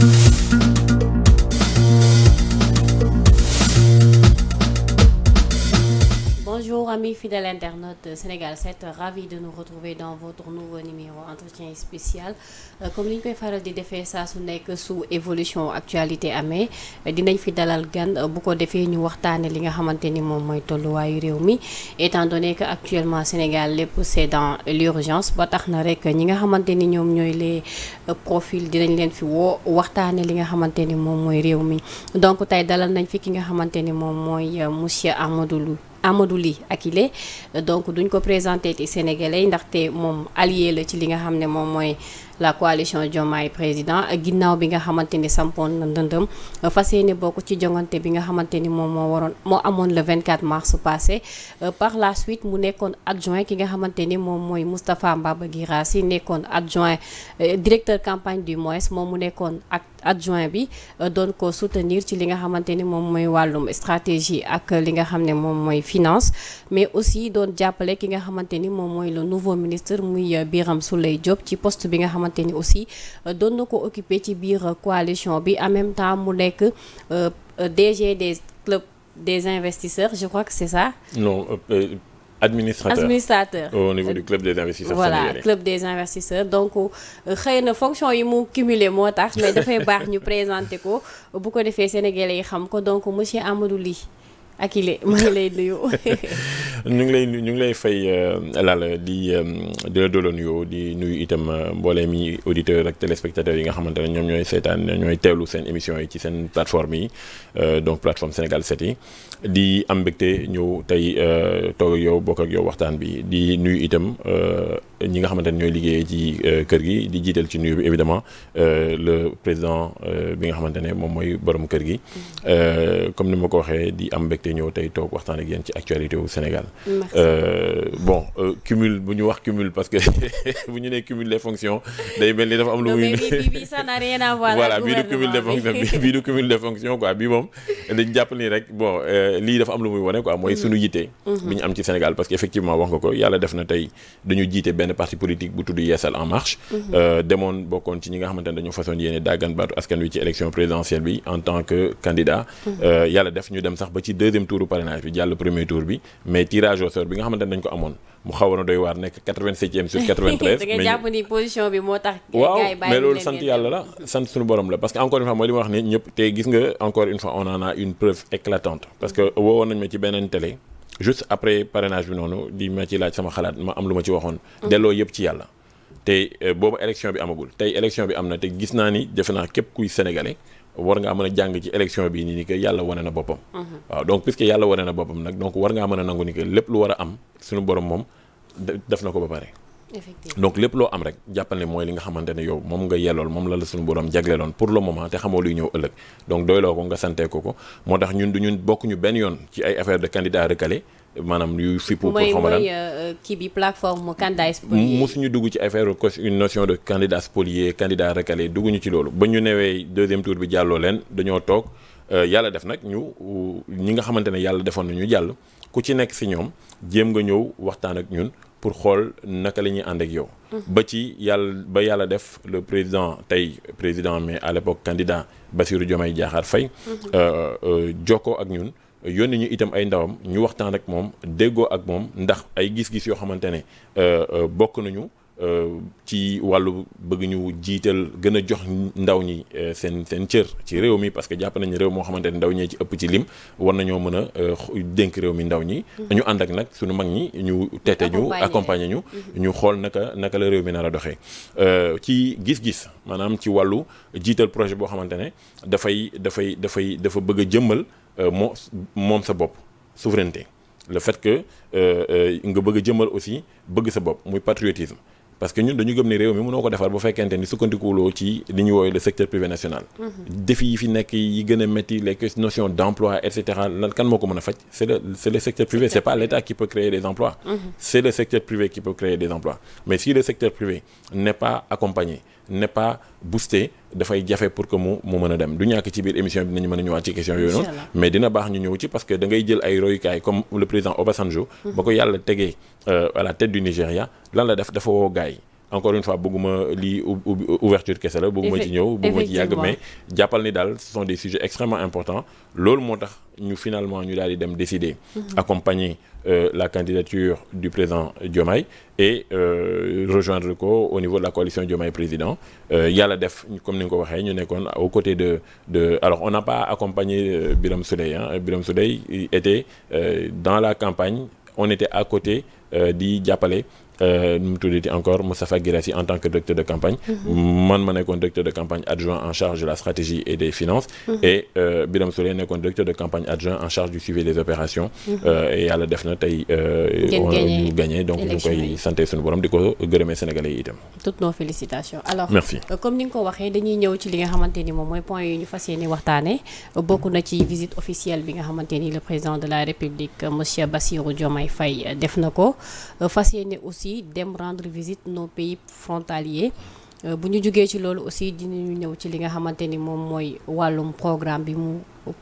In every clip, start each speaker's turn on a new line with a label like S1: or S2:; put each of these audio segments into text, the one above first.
S1: thank you de fidèle internaute Sénégal 7 ravi de nous retrouver dans votre nouveau numéro entretien spécial euh, comme li ñu koy faral di defee saa su nekk sous évolution actualité amee dinañ fi dalal gan euh, bu ko defee ñu waxtaane li nga xamante ni moom mooy tolluwaayu réew mi étant donné que actuellement Sénégal lépp c'est dans l'urgence ba tax na rek ñi nga xamante ni ñoom ñooy les euh, profils dinañ leen fi woo waxtaane li nga xamante ni moom mooy réew mi donc tey dalal nañ fi ki nga xamante ni moom mooy monsieur Amadou Amadou Ly Akile donc duñ ko présenté ci sénégalais ndaxte moom allié la ci li nga xam ne moom mooy. la coalition Diomaye président ginnaaw bi nga xamante ni sampoon na ndëndëm fas yéene bokk ci jongante bi nga xamante ni moom moo waroon moo amoon le 24 mars passé par la suite mu nekkoon adjoint ki nga xamante ni moom mooy Moustapha Mbaba Guirassi nekkoon adjoint eh, directeur campagne du MOES moom mu nekkoon ak adjoint bi eh, doon ko soutenir ci li nga xamante ni moom mooy wàllum stratégie ak li nga xam ne moom mooy finance mais aussi doon jàppale ki nga xamante ni moom mooy le nouveau ministre muy eh, Birame Souleye Diop ci poste bi nga xamante xamante ni aussi euh, doon na ko occupé ci biir euh, coalition bi en même temps mu nekk euh, DG des clubs des investisseurs je crois que c'est ça.
S2: non. Euh, administrateur administrateur au niveau du club des voilà club
S1: des investisseurs donc xëy na fonction yi mu cumulé moo tax mais dafay baax ñu présenter ko bu ko defee sénégalais yi xam ko donc monsieur Amadou Ly Akile maa ngi lay nuyu.
S2: ñu ngi lay ñu ngi lay fay euh, Lalla di euh, di la doon nuyoo di nuyu itam euh, mbooleem yi auditeurs ak téléspectateurs yi nga xamante ne ñoom ñooy seetaan ñooy teelu seen émission yi ci seen plateforme yi donc plateforme Sénégal set yi. di am mbégte ñëw tey euh, toog yow bokk ak yow waxtaan bi di nuyu itam euh, ñi nga xamante ne ñooy liggéeyee ci euh, kër gi di jiital ci nuyu bi évidemment le président bi nga xamante ne moom mooy borom kër gi mm-hmm. comme ni ma ko waxee di am mbégte ñëw tey toog waxtaan ak yéen ci actualité wu Sénégal. bon cumul bu ñu wax cumul parce que bu ñu nee cumul des fonctions day mel ni dafa am lu muy.
S1: voilà bii du cumul
S2: des fonctions bii du moom dañ jàpp ni rek bon. lii dafa am lu muy wane quoi mooy sunu mhm. yitte. Mhm. bi ñu am ci Sénégal parce que effectivement wax nga ko yàlla def na tey dañu jiite benn parti politique bu tudd Yeesal en marche. Mhm. Euh, demoon bokkoon ci ñi nga xamante ne dañu façon yéene dàggan baatu askan wi ci élection présidentielle bi en tant que candidat. Euh, yàlla def ñu dem sax ba ci deuxième tour parrainage bi jàll premier tour bi mais tirage au bi nga xamante ne dañ ko amoon. mu xawoon a doy waar nekk 87e sur 93. da ngay jàpp
S1: ni position bi moo tax. waaw mais loolu sant
S2: yàlla la sant suñu borom la parce que encore une fois mooy li ma wax ni ñëpp tey gis nga encore une fois on en a une preuve éclatante. parce que woowoon nañ ma ci beneen télé. juste après parrainage bi noonu di ma ci laaj sama xalaat ma am lu ma ci waxoon. Mhm. delloo yëpp ci yàlla. tey euh, boobu élection bi amagul tey élection bi am na te gis naa ni defe naa képp kuy sénégalais. war ngaa mën a jàng ci élection bi nii ni yàlla wane na boppam waaw donc puisque yàlla wane na boppam nag donc war ngaa mën a nangu ni que lépp lu war a am suñu borom moom def na ko ba pare donc lépp loo am rek jàppal ne mooy li nga xamante ne yow moom nga yellool moom la la suñu borom jagleeloon pour le moment te xamoo luy ñëw ëllëg donc doyloo ko nga santee ko moo tax ñun du ñun bokk ñu benn yoon ci ay affaire de candidat recalé maanaam yu fippu pour xaw ma lan mooy
S3: euh,
S1: kii bi plateforme candidat spolié
S2: dugg ci affaire une notion de candidat spolié candidat recalé dugguñu ci loolu ba ñu newee deuxième tour bi jàlloo leen dañoo toog euh, yàlla def nag ñu ñi nga xamante ne yàlla defoon na ñu jàll ku ci nekk si ñoom jéem nga ñëw waxtaan ak ñun pour xool naka la ñuy ànd ak mm-hmm. ba ci yàlla ba yàlla def le président tey président mais à l'époque candidat Bassirou Diomaye Diakhar Faye mm-hmm. euh, jokkoo ak ñun. yónni ñu itam ay ndawam ñu waxtaan ak moom déggoo ak moom ndax ay gis-gis yoo xamante ne euh, euh, bokk nañu euh, ci wàllu bëgg ñu jiital gën a jox ndaw ñi seen seen cër ci réew mi parce que jàpp nañu réew moo xamante ne ndaw ñee ci ëpp ci lim war nañoo mën a dénk réew mi ndaw ñi. Mm-hmm. ñu ànd ak nag suñu mag ñi ñu. teete ñu accompagner ñu. Mm-hmm. ñu xool naka naka la réew mi nar a doxee. ci gis-gis maanaam ci wàllu jiital projet boo xamante ne dafay dafay dafay dafa bëgg a jëmmal. Euh, moo moom sa bopp souveraineté le fait que euh, euh, nga bëgg a jëmal aussi bëgg sa bopp muy patriotisme parce que ñun dañu gëm ne réew mi mënoo ko defar bu fekkente ni sukkandikuwuloo ci li ñu woowee le secteur privé national mhm. défi yi fi nekk yi gën a métti les notions d' emploi et cetera lan kan moo ko mën a faj c' le secteur privé c' pas l' qui peut créer des emplois mhm. c' le secteur privé qui peut créer des emplois mais si le secteur privé n'est n'est pas boosté dafay jafe pour que mu mu a dem du ñàkk ci biir émission bi dinañu mën a ñëwaat ci question yooyu mais dina baax ñu ñëw ci parce que ngay jël ay royukaay comme le président Obasanjo mm-hmm. ba ko yàlla tegee euh, à la tête du Nigeria lan la def dafa woo gaay encore une fois bëgguma li ouverture kese la bëgguma ci ñëw bëgguma ci yàgg mais jàppal ni daal ce sont des sujets extrêmement importants loolu moo tax ñu finalement ñu daal di dem décider mhm. accompagner euh, la candidature du président Diomaye et euh, rejoindre ko au niveau de la coalition Diomaye président euh, yàlla def comme ni nga ko waxee ñu nekkoon aux côté de de alors on n'a pas accompagné euh, Birame Souleye ah Birame était euh, dans la campagne on était à côté di jàppale Euh, nu mu tuddati encore Moustapha Guirassy en tant que directeur de campagne mm-hmm. man ma nekkoon directeur de campagne adjoint en charge de la stratégie et des finances mm-hmm. et euh, Birame Souleye nekkoon directeur de campagne adjoint en charge du suivi des opérations mm-hmm. euh, yàlla def na tey ñu gagné donc ñu koy santé suñu borom di ko gërëmee sénégalais yi itam
S1: toutes nos félicitations alors merci comme ni nga ko waxee dañuy ñëw ci li nga xamante ni moom mooy point yi ñu fas yéene waxtaane bokk na ci visite officielle bi nga xamante ni le président de la république monsieur Bassirou Diomaye Faye na ko yi dem rendre visite nos pays frontaliers euh, bu ñu jógee ci loolu aussi dinañu ñëw ci li nga xamante ni moom mooy wàllum programme bi mu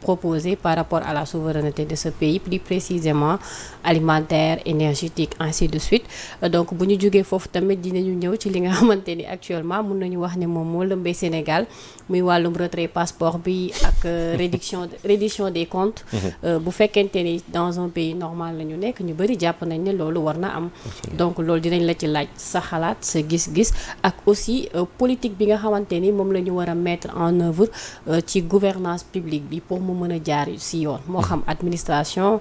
S1: proposées par rapport à la souveraineté de ce pays plus précisément alimentaire énergétique ainsi de suite donc bu ñu jógee foofu tamit dinañu ñëw ci li nga xamante ni actuellement mun nañu wax ne moom moo lëmbee Sénégal muy wàllum retrait passeport bi ak euh, réduction réduction des comptes mhm. euh, bu fekkente ni dans un pays normal la ñu nekk ñu bëri jàpp nañ ne loolu war na am donc loolu dinañ la ci laaj sa xalaat sa gis-gis ak aussi euh, politique bi nga xamante ni moom la ñu war a mettre en œuvre ci gouvernance publique bi pour mu mën a jaar si yoon moo xam administration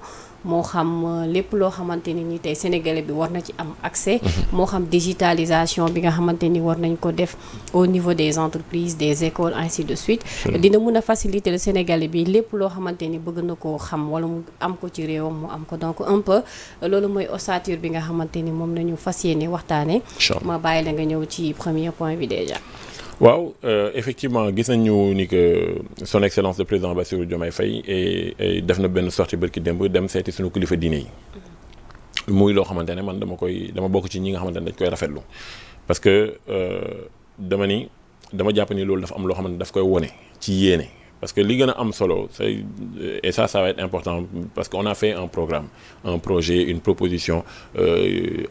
S1: moo xam euh, lépp loo xamante ni nii tey sénégalais bi war na ci am accès mhm. moo xam digitalisation bi nga xamante ni war nañ ko def au niveau des entreprises des écoles ainsi de suite dina mun a faciliter le sénégalais bi lépp loo xamante ni bëgg na koo xam wala mu am ko ci réewam mu am ko donc un peu loolu mooy ossature bi nga xamante ni moom nañu fas yéene waxtaane ma bàyyi la nga ñëw ci premier point bi déjà
S2: waaw euh, effectivement gis nañu ni que euh, son excellence le président Bassirou Diomaye Faye et def na benn sortie bërki démb dem seeti suñu kilifa diine yi muy loo xamante ne man dama koy dama bokk ci ñi nga xamante ne dañ koy rafetlu parce que euh, dama ni dama jàpp ni loolu dafa am loo xamante daf koy wone ci yéene parce que li gën a am solo c'est euh, et ça ça va important parce que on a fait un programme un projet une proposition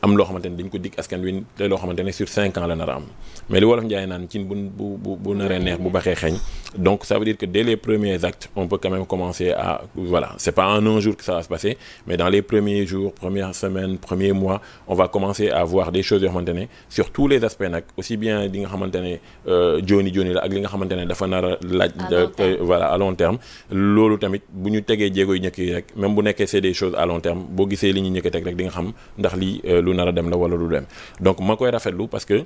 S2: am loo xamante ne dañ ko dig askan wi te loo xamante ne sur cinq ans la nar am mais li wolof njaay naan cin bu bu bu naree neex bu baxee xeeñ donc ça veut dire que dès les premiers actes on peut quand même commencer à voilà c'est pas en un jour que ça va se passer mais dans les premiers jours premières semaines premiers mois on va commencer à voir des choses yoo xamante ne sur tous les aspects nag aussi bien li nga xamante ne euh, joni joni la ak li nga xamante ne dafa nara a laaj euh, voilà à long terme loolu tamit bu ñu tegee jéego yu ñëkk yi rek même bu nekkee c'est des boo gisee li ñu ñëkk a teg rek xam ndax lii euh, lu nar a dem la wala lu dem rafetlu parce que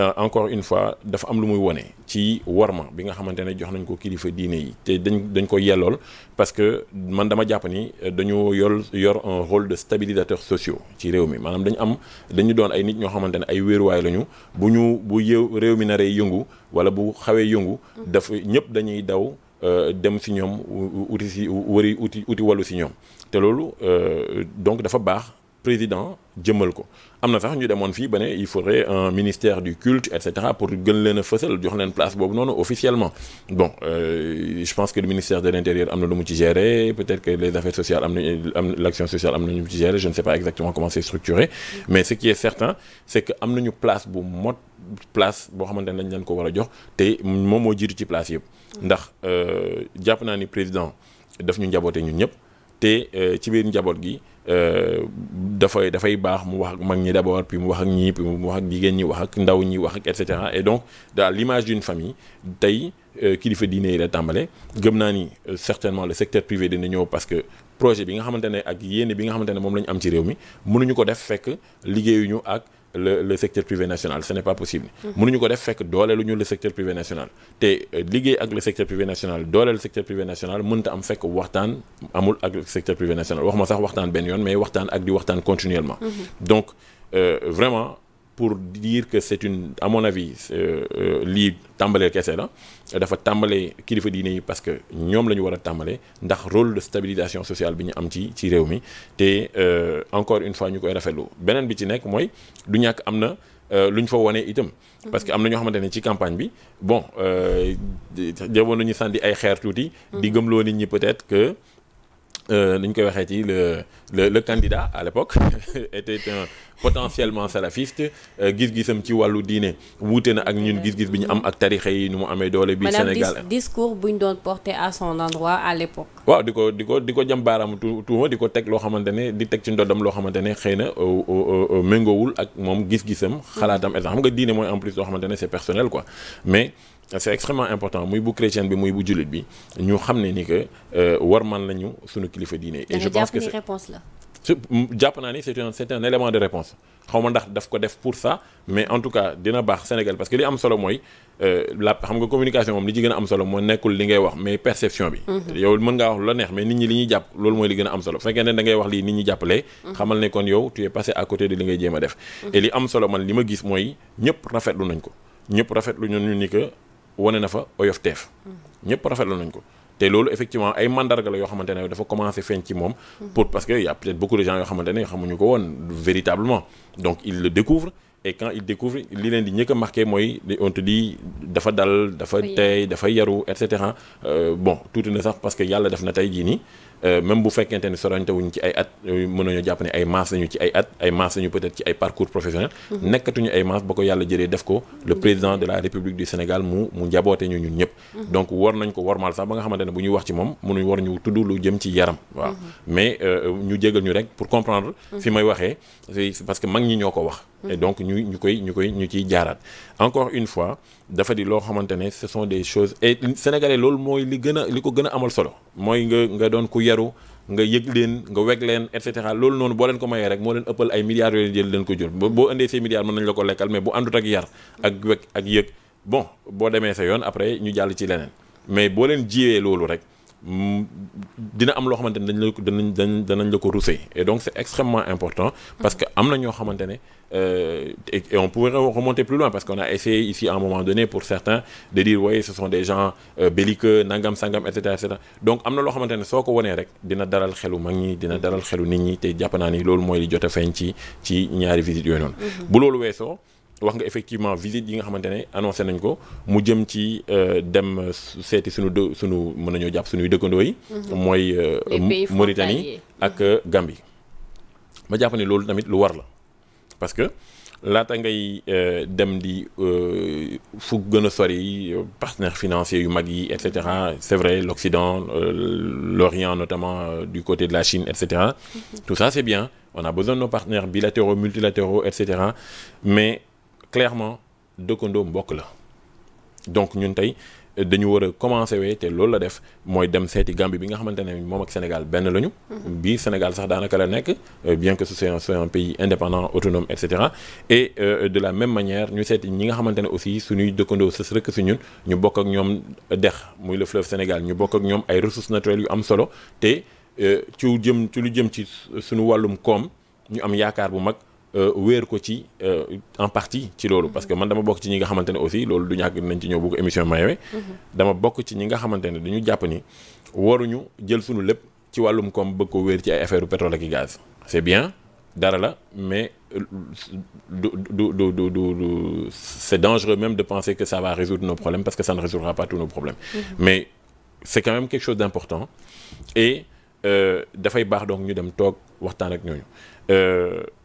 S2: Euh, encore une fois dafa am lu muy wone ci warma bi nga xamante ne jox nañ ko kilifa diine yi te dañ dañ ko yellool parce que man dama jàpp ni euh, dañoo yol yor un rôle de stabilisateur sociaux ci réew mi maanaam dañu am dañu doon ay nit ñoo xamante ne ay wéeruwaay lañu bu ñu bu yëw réew mi naree yëngu wala bu xawee yëngu dafa ñëpp dañuy daw euh, dem si ñoom uti si wëri uti uti wàllu si ñoom te loolu donc dafa baax président jëmmal ko am na sax ñu demoon fii ba ne il faudrait un ministère du culte et pour gën leen a fësal jox leen place boobu noonu officiellement bon euh, je pense que le ministère de l'intérieur am na lu mu ci gérer peut-être que les affaires sociales am na am l'action sociale am na ñu ci gérer je ne sais pas exactement comment c'est mais ce qui est certain c'est que am nañu place bu mot place boo xamante ne dañ leen ko war a jox te moom moo jiitu ci place yëpp ndax euh, jàpp naa ni président daf ñu njaboote ñun ñëpp te euh, ci biir njaboot gi euh, dafay dafay baax mu wax ak mag ñi d'abord puis mu wax ak ñii puis mu wax ak jigéen ñi wax ak ndaw ñi wax ak et et donc dans l'image d'une famille tey euh, kilifa diine yi la tàmbale gëm naa ni certainement le secteur privé dina ñëw parce que projet bi nga xamante ne ak yéene bi nga xamante ne moom la ñu am ci réew mi mënuñu ko def fekk liggéeyuñu ak. le le secteur privé national ce n'est pas possible. mënuñu ko def fekk dooleeluñu le secteur privé national te euh, liggéey ak le secteur privé national dooleel secteur privé national mënta am fekk waxtaan amul ak le secteur privé national wax ma sax waxtaan benn yoon mais waxtaan ak di waxtaan continuellement. Mhm. donc euh, vraiment pour dire que c'est une à mon avis euh, lii tàmbaleel kese la. dafa tàmbale kilifa diine yi parce que ñoom lañu ñu war a tàmbale ndax rôle de stabilisation sociale bi ñu am ci ci réew mi te euh, encore une fois ñu koy rafetlu beneen bi ci nekk mooy du ñàkk am na euh, lu ñu fa wone itam parce que am na ñoo xamante ne ci campagne bi bon euh, jamono ñu sànni ay xeer tuuti di gëmloo nit ñi peut-être que Euh, ni ñu koy waxee ci le le le candidat à l'époque était un potentiellement salafiste euh, gis-gisam ci wàllu diine wuute na ak ñun gis-gis bi ñu am ak tarixa yi nu mu amee doole bi Sénégal
S1: discours buñ doon porté à son endroit à l'époque
S2: waaw di ko di ko di ko jëm baaraam tuuma di ko teg loo xamante ne di teg ci ndoddam loo xamante ne xëy na euh, méngoowul ak moom gis-gisam xalaatam et xam nga diine mooy en plus loo xamante ne c'est personnel quoi mais c'est extrêmement important muy bu chrétien bi muy bu jullit bi ñu xam ne ni que euh, war man lañu sunu kilifa diine. et je pense que c'est réponse la. jàpp naa ni c'est un c'est un élément de réponse xaw ma ndax daf am solo mooy euh, la xam nga communication a am solo li ngay wax mais perception mhm. neex mais nit ñi li ñuy jàpp loolu mooy li gën a am solo bu fekkee ne da wax lii nit ñi jàppale. Mhm. xamal ne kon yow tu es à côté de li ngay jéem a def. Mhm. et li am solo man li ma gis mooy ñëpp rafetlu nañ ko ñëpp rafetlu ñun ñu ni que. wane na fa oyof teef ñëpp rafetlu nañ ko te loolu effectivement ay mandarga la yoo xamante ne dafa commencé feeñ ci moom pour parce que y a peut-être beaucoup de gens yoo xamante ne xamuñu ko woon véritablement donc il le découvre et quand il découvre li leen di ñëkk a mooy on te dit dafa dal dafa tey dafa yaru et cetera euh, bon tuuti na sax parce que yàlla def na tey jii nii Euh, même bu fekkente ni sorante wuñ ci ay at euh, mën nañu jàpp ne ay maas lañu ci ay at ay maas lañu peut ci ay parcours professionnel mhm. nekkatuñu ay maas ba ko yàlla jëlee def ko le mhm. président de la république du Sénégal mu njaboote ñu ñun ñëpp mhm. donc war nañ ko warmal sax ba nga xamante ne bu ñuy wax ci moom mënuñ war ñu tudd lu jëm ci yaram waaw mais euh, ñu jégal ñu rek pour comprendre fi may waxee parce que mag ñi ñoo ko wax et donc ñu ñu koy ñu koy ñu ciy jaaraat encore une fois dafa di loo xamante ne ce sont des choses et sénégalais loolu mooy li gën a li ko gën a amal solo mooy nga nga doon ku yaru nga yëg leen nga weg leen et cetera loolu noonu boo leen ko mayee rek moo leen ëppal ay milliards yooyu jël leen ko jël boo indee ces milliards mën nañ la ko lekkal mais bu àndut ak yar ak weg ak yëg bon boo demee sa yoon après ñu jàll ci leneen mais boo leen jiwee loolu rek Mm, dina am loo xamante ne dañ la ko danañ dañ danañ la ko rousser et donc c'est extrêmement important parce que am na ñoo xamante ne euh, et on pourrait remonter plus loin parce qu'on a essayé ici à un moment donné pour certains de dire oui ce sont des gens euh, belliqueux nangam sangam et cetera donc am na loo xamante ne soo ko wanee rek dina daral xelu mag ñi dina daral xelu nit ñi te jàpp naa ni loolu mooy li jot a feeñ ci ci ñaari visite yooyu noonu mm-hmm. bu loolu weesoo wax nga effectivement visite yi nga xamante ne annoncé nañ ko mu jëm ci euh, dem euh, seeti suñu dë suñu mën nañoo jàpp suñuy dëkkandoo yi. Mm-hmm. mooy euh, Mauritanie ak Gambie. ma jàpp loolu tamit lu war la parce que laata ngay dem di fu gën a sori partenaires financier yu mag yi et cetera c'est vrai l'Occident l'Orient notamment du côté de la Chine et cetera. Mm-hmm. tout ça c'est bien on a besoin de nos partenaires bilatéraux multilatéraux et cetera mais. clairement dëkkandoo mbokk la donc ñun tey dañu war a commencé wee te loolu la def mooy dem seeti Gambie bi nga xamante ne moom ak Sénégal benn lañu. bii Sénégal sax daanaka la nekk euh, bien que ce soit un pays indépendant autonome et cetera et euh, de la même manière ñu seeti ñi nga xamante ne aussi suñuy dëkkandoo sës rëkk si ñun ñu bokk ak ñoom dex muy le fleuve Sénégal ñu bokk ak ñoom ay ressources naturelles yu am solo te euh, ci jëm ci lu jëm ci suñu wàllum koom ñu am yaakaar bu mag. Euh, wéer ko ci euh, en partie ci loolu mm-hmm. parce que man dama bokk ci ñi nga xamante ne aussi loolu du ñàkk nañ ci ñëw bu émission mayewee mm-hmm. dama bokk ci ñi nga xamante ne dañu jàpp ni waruñu jël sunu lépp ci wàllum koom bëgg ko wéer ci ay affaire pétrole ak gaz c'est bien dara la mais du du du du du c'est dangereux même de penser que ça va résoudre nos problèmes parce que ça ne résoudra pas tous nos problèmes mm-hmm. mais c'est quand même quelque chose d'important et euh, dafay baax donc ñu dem toog waxtaan ak ñooñu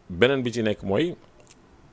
S2: beneen bi ci nekk mooy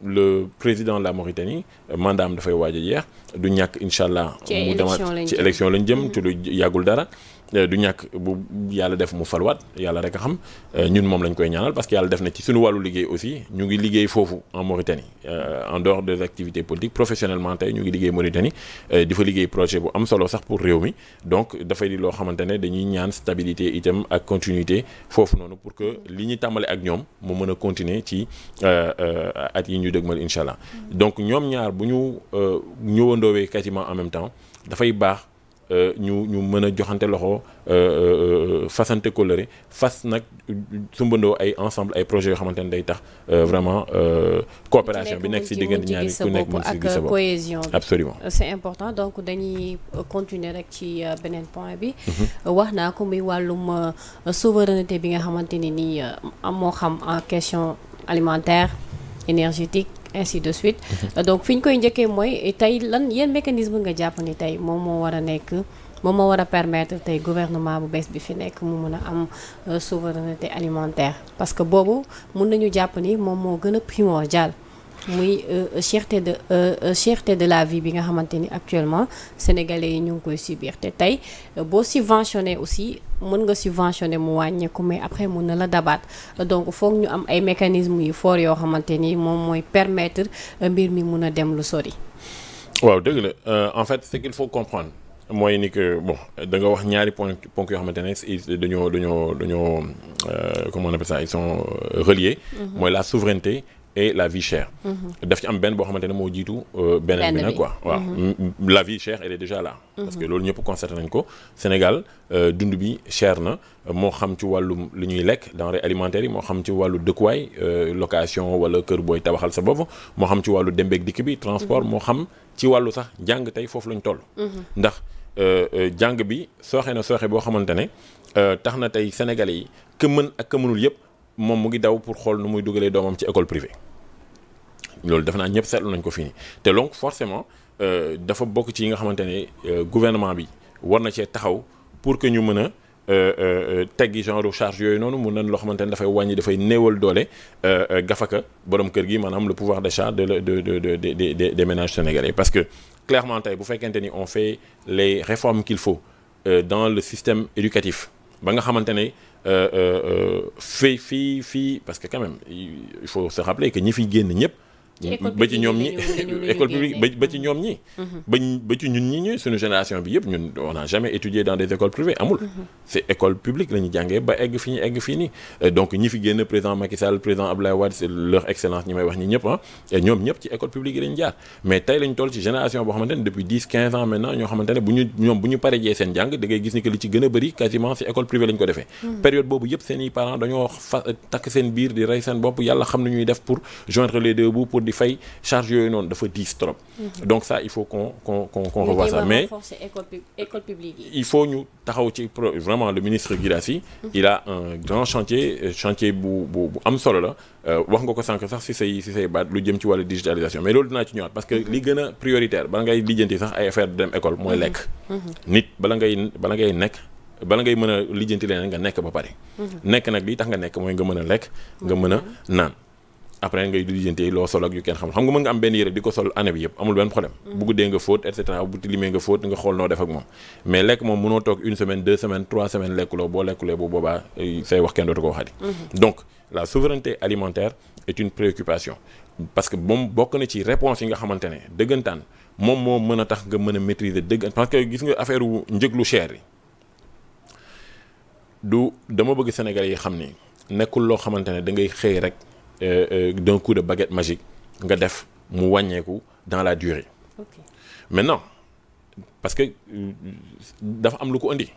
S2: le président la Mauritanie mandat am dafay waaj a jeex du ñàkk incha allah mu demaat ci élection lañ jëm ci mm. lu yàggul dara Euh, du ñàkk bu yàlla def mu falwaat yàlla rek a xam euh, ñun moom lañ koy ñaanal parce que yàlla def na ci suñu wàllu liggéey aussi ñu ngi liggéey foofu en Mauritanie euh, en dehors des activités politiques professionnellement tey ñu ngi liggéey Mauritanie di fa liggéey projet bu am solo sax pour réew mi donc dafay di loo xamante ne dañuy ñaan stabilité itam ak continuité foofu noonu pour que li ñu tàmbale ak ñoom mu mën a continuer ci at yi ñu dëgmal incha allah mm-hmm. donc ñoom ñaar bu ñu ñëwandoowee quasiment en même temps Euh, ñu ñu mën a joxante loxo euh, euh, fasante coloré fas nag sumbandoo ay ensemble ay projets yoo xamante ne day tax vraiment coopération bi nekk si diggante ñaari ku nekk mën si gis sa bopp ak cohésion bi absolument
S1: c'est important donc dañuy continuer rek ci beneen point bi mm-hmm. wax naa ko muy wàllum souveraineté bi nga xamante ne nii moo xam en question alimentaire énergétique ainsi de suite donc fi ñu koy njëkkee mooy tey lan yéen mécanisme nga jàpp ni tey moom moo war a nekk moom moo war a permettre tey gouvernement bu bees bi fi nekk mu mun a am euh, souveraineté alimentaire parce que boobu mun nañu jàpp ni moom moo gën a primordial muy euh, cherté de euh, euh, cherté de la vie bi nga xamante ni actuellement sénégalais yi ñu ngi koy subir te tey boo subventionné aussi mën nga subventionné mu wàññeeku mais après mun na la dabaat donc foog ñu am ay mécanismes yu fort yoo xamante ni moom mooy permettre mbir mi mun a dem lu sori.
S2: waaw dëgg la en fait ce qu'il faut comprendre mooy ni que bon da nga wax ñaari ponk ponk yoo xamante ne dañoo dañoo dañoo comment on appelle ça ils sont reliés. Mm-hmm. mooy la souveraineté. et la vie chère. Mhm. daf ci am benn boo xamante ne moo jiitu. Euh, beneen bi nag quoi waaw. Mhm. la vie chère elle est déjà là. Mhm. parce que loolu ñëpp constaté nañ ko Sénégal euh, dund bi cher na moo xam ci wàllum lu ñuy lekk denrées alimentaire yi moo xam ci wàllu dëkkuwaay euh, location wala kër booy tabaxal sa bopp moo xam ci wàllu dembeeg dikk bi transport moo xam ci wàllu sax jàng tey foofu lañ toll. ndax jàng bi sooxe na sooxe boo xamante ne tax na tey sénégalais yi ka mën ak ka yëpp. moom mu ngi daw pour xool nu muy dugalee doomam ci école privée loolu defe naa ñëpp seetlu nañ ko fii nii te donc forcément euh, dafa bokk ci yi nga xamante ne euh, gouvernement bi war na cee taxaw pour que ñu mën a euh, teggi genre charge yooyu noonu mu nan loo xamante ne dafay wàññi dafay néewal doole gafaka borom kër gi maanaam le pouvoir d'achat de de de de de des ménages sénégalais parce que clairement tey bu fekkente ni on fait les réformes qu'il faut dans le système éducatif ba nga xamante ne. fii fii fii parce que quand même il faut se rappeler que ñi fiy génn ñëpp ba ñoom ñi école mhm. ñun ñi ñu suñu génération bi yëpp ñun on n'a jamais étudié dans des écoles privées amul mhm. c'est école publique la ñu ba egg fi ñu egg fii nii euh, donc ñi fi génn président Macky Sall président Abdoulaye Wade leur excellence ñi may wax ñi ñëpp ah ñoom ñëpp ci école publique lañu jaar mais tey lañu toll ci génération boo xamante depuis dix quinze ans maintenant ñoo xamante bu ñu ñoom bu ñu parejee seen jàng da gis ni que li ci gën a di fay charge yooyu noonu dafa diis trop. Mhm. donc ça il faut qu'on qu'on qu'on qu'on revoie ça mais
S1: école publique yi
S2: il faut ñu taxaw ci pro vraiment ministre Guirassy mhm. il a un grand chantier chantier bu bu bu am solo la euh, wax nga ko sànq sax si say baat lu jëm ci wàllu digitalisation mais loolu dinaa ci ñëwaat parce que mhm. li gën a prioritaire bala ngay lijjanti sax ay affaire de dem école mooy lekk nit bala ngay bala ngay nekk bala ngay mën a lijjanti leneen nga nekk ba pare nekk nag li tax nga nekk mooy nga mën a lekk nga a après ngay lijjanti loo sol ak yu kenn xam xam nga mën nga am benn yére di ko sol année bi yëpp amul benn problème mm. bu nga fóot et bu tilimee nga fóot nga xool noo def ak moom mais lekk moom mënoo toog une semaine deux semaines trois semaines lekkuloo boo lekkulee bu boobaa euh, say wax kenn dootu ko waxati mm-hmm. donc la souveraineté alimentaire est une préoccupation parce que moom bokk na ci réponse yi nga xamante ne dëggantaan moom moo mën a tax nga mën a maîtriser dëgg parce que gis nga affaire wu du dama bëgg Sénégalais yi xam ni nekkul loo xamante ne da ngay xëy rek Euh, euh, d'un coup de baguette magique nga def mu wàññeeku dans la durée okay. maintenant parce que euh, dafa am lu ko indi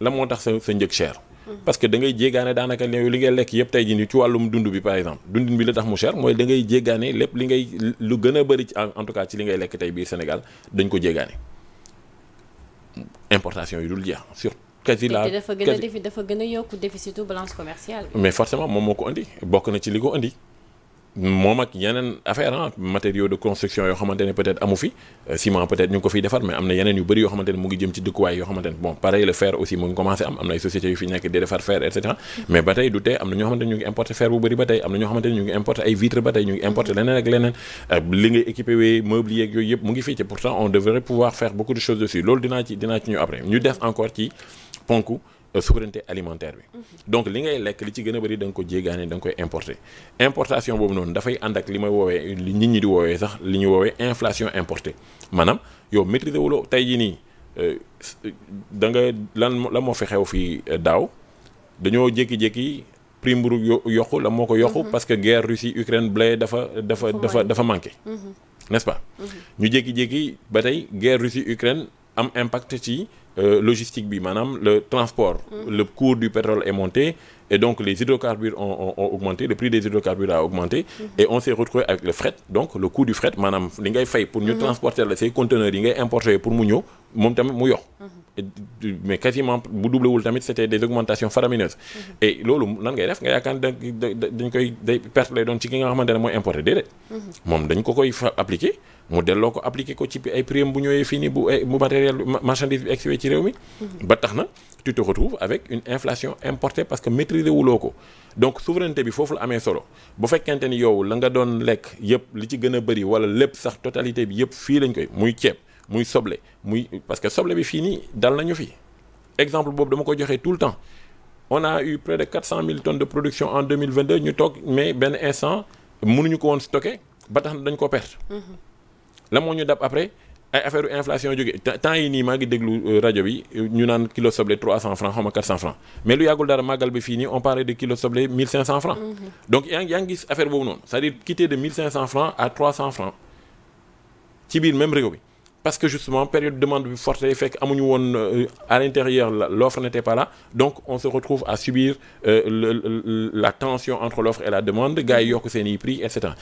S2: la moo tax sa sa njëg cher mhm. parce que da ngay jéggaane daanaka yow li ngay lekk yëpp tey jii nii ci wàllum dund bi par exemple dundin bi la tax mu cher mooy dangay ngay jéggaane lépp li ngay lu gën a bëri ci en tout cas ci li ngay lekk tey biir Sénégal dañ ko jéggaane importation yi dul jeex surtout quasi la dafa
S1: gën a yokk déficitu balance commerciale
S2: mais forcément moom moo ko indi bokk na ci li ko indi moom ak yeneen affaire ah matériaux de construction yoo xamante peut-être amu fi euh, ciment peut-être ñu ngi ko fiy defar mais am na yeneen yu bëri yoo xamante mu ngi jëm ci dëkkuwaay yoo xamante bon pareil le aussi mu ngi commencé am am na ay sociétés yu fi nekk di defar fer et mais ba tey du tey am na ñoo xamante ñu ngi importer fer ponk euh, souveraineté alimentaire bi mhm. donc li ngay lekk li ci gën a bëri da ko jéegaane da nga koy importer importation boobu noonu dafay ànd ak li may woowee li nit ñi di woowee sax li ñu woowee inflation importée maanaam yow maîtriser wuloo tey jii nii euh, euh, da nga lan la moo fi xew fii daaw dañoo jékki-jékki prix yo yokku la moo ko yokku mhm. parce que guerre Russie Ukraine blé dafa dafa dafa dafa manqué mhm. nest pas ñu jékki-jékki ba tey guerre Russie Ukraine am impact ci Euh, logistique bi maanaam le transport mm. le cours du pétrole est monté et donc les hydrocarbures ont, ont, ont augmenté le prix des hydrocarbures a augmenté mm-hmm. et on s'est retrouvé avec le fret donc le coût du fret maanaam li ngay fay pour ñu mm-hmm. transporter la say conteneurs yi ngay importer pour mu ñëw moom tamit mu yox mm-hmm. mais quasiment bu doublewul tamit c'était des augmentations faramineuses et loolu nan ngay def nga yaakaar ne dañ koy day perte lay doon ci ki nga xamante ne mooy importer déedéet moom dañ ko koy appliquer mu delloo ko appliqué ko ci ay prime bu ñëwee fii nii bu bu matériel marchandise bi exwee ci réew mi mhm. ba tax na tu te retrouves avec une inflation importée parce que maîtriser wuloo ko donc souveraineté bi foofu la amee solo bu fekkente ni yow la nga doon lekk yëpp li ci gën a bëri wala lépp sax totalité bi yëpp fii lañ koy muy ceeb muy soble muy parce que soble bi fii nii dal nañu fi exemple boobu dama ko joxee tout le temps on a eu près de 400 000 tonnes de production ñu toog mais benn instant mënuñu ko woon stocké ba dañ ko perte mhm. la moo ñu dab après ay affaire inflation jóge temps yi nii maa ngi déglu euh, rajo bi euh, ñu naan kilo soble 300 francs xaw ma 400 francs mais lu yàggul dara màggal bi fii nii on parlait de kilo soble 1500 francs mm-hmm. donc yaa ngi yaa ngi gis affaire boobu noonu c'est-à-dire quitter de 1500 francs à 300 francs ci biir même réew bi parce que justement période de demande bi forte day fekk amuñu woon euh, à donc on se retrouve à subir euh, la tension entre l'offre et la demande gars yi yokk seen i prix et cetera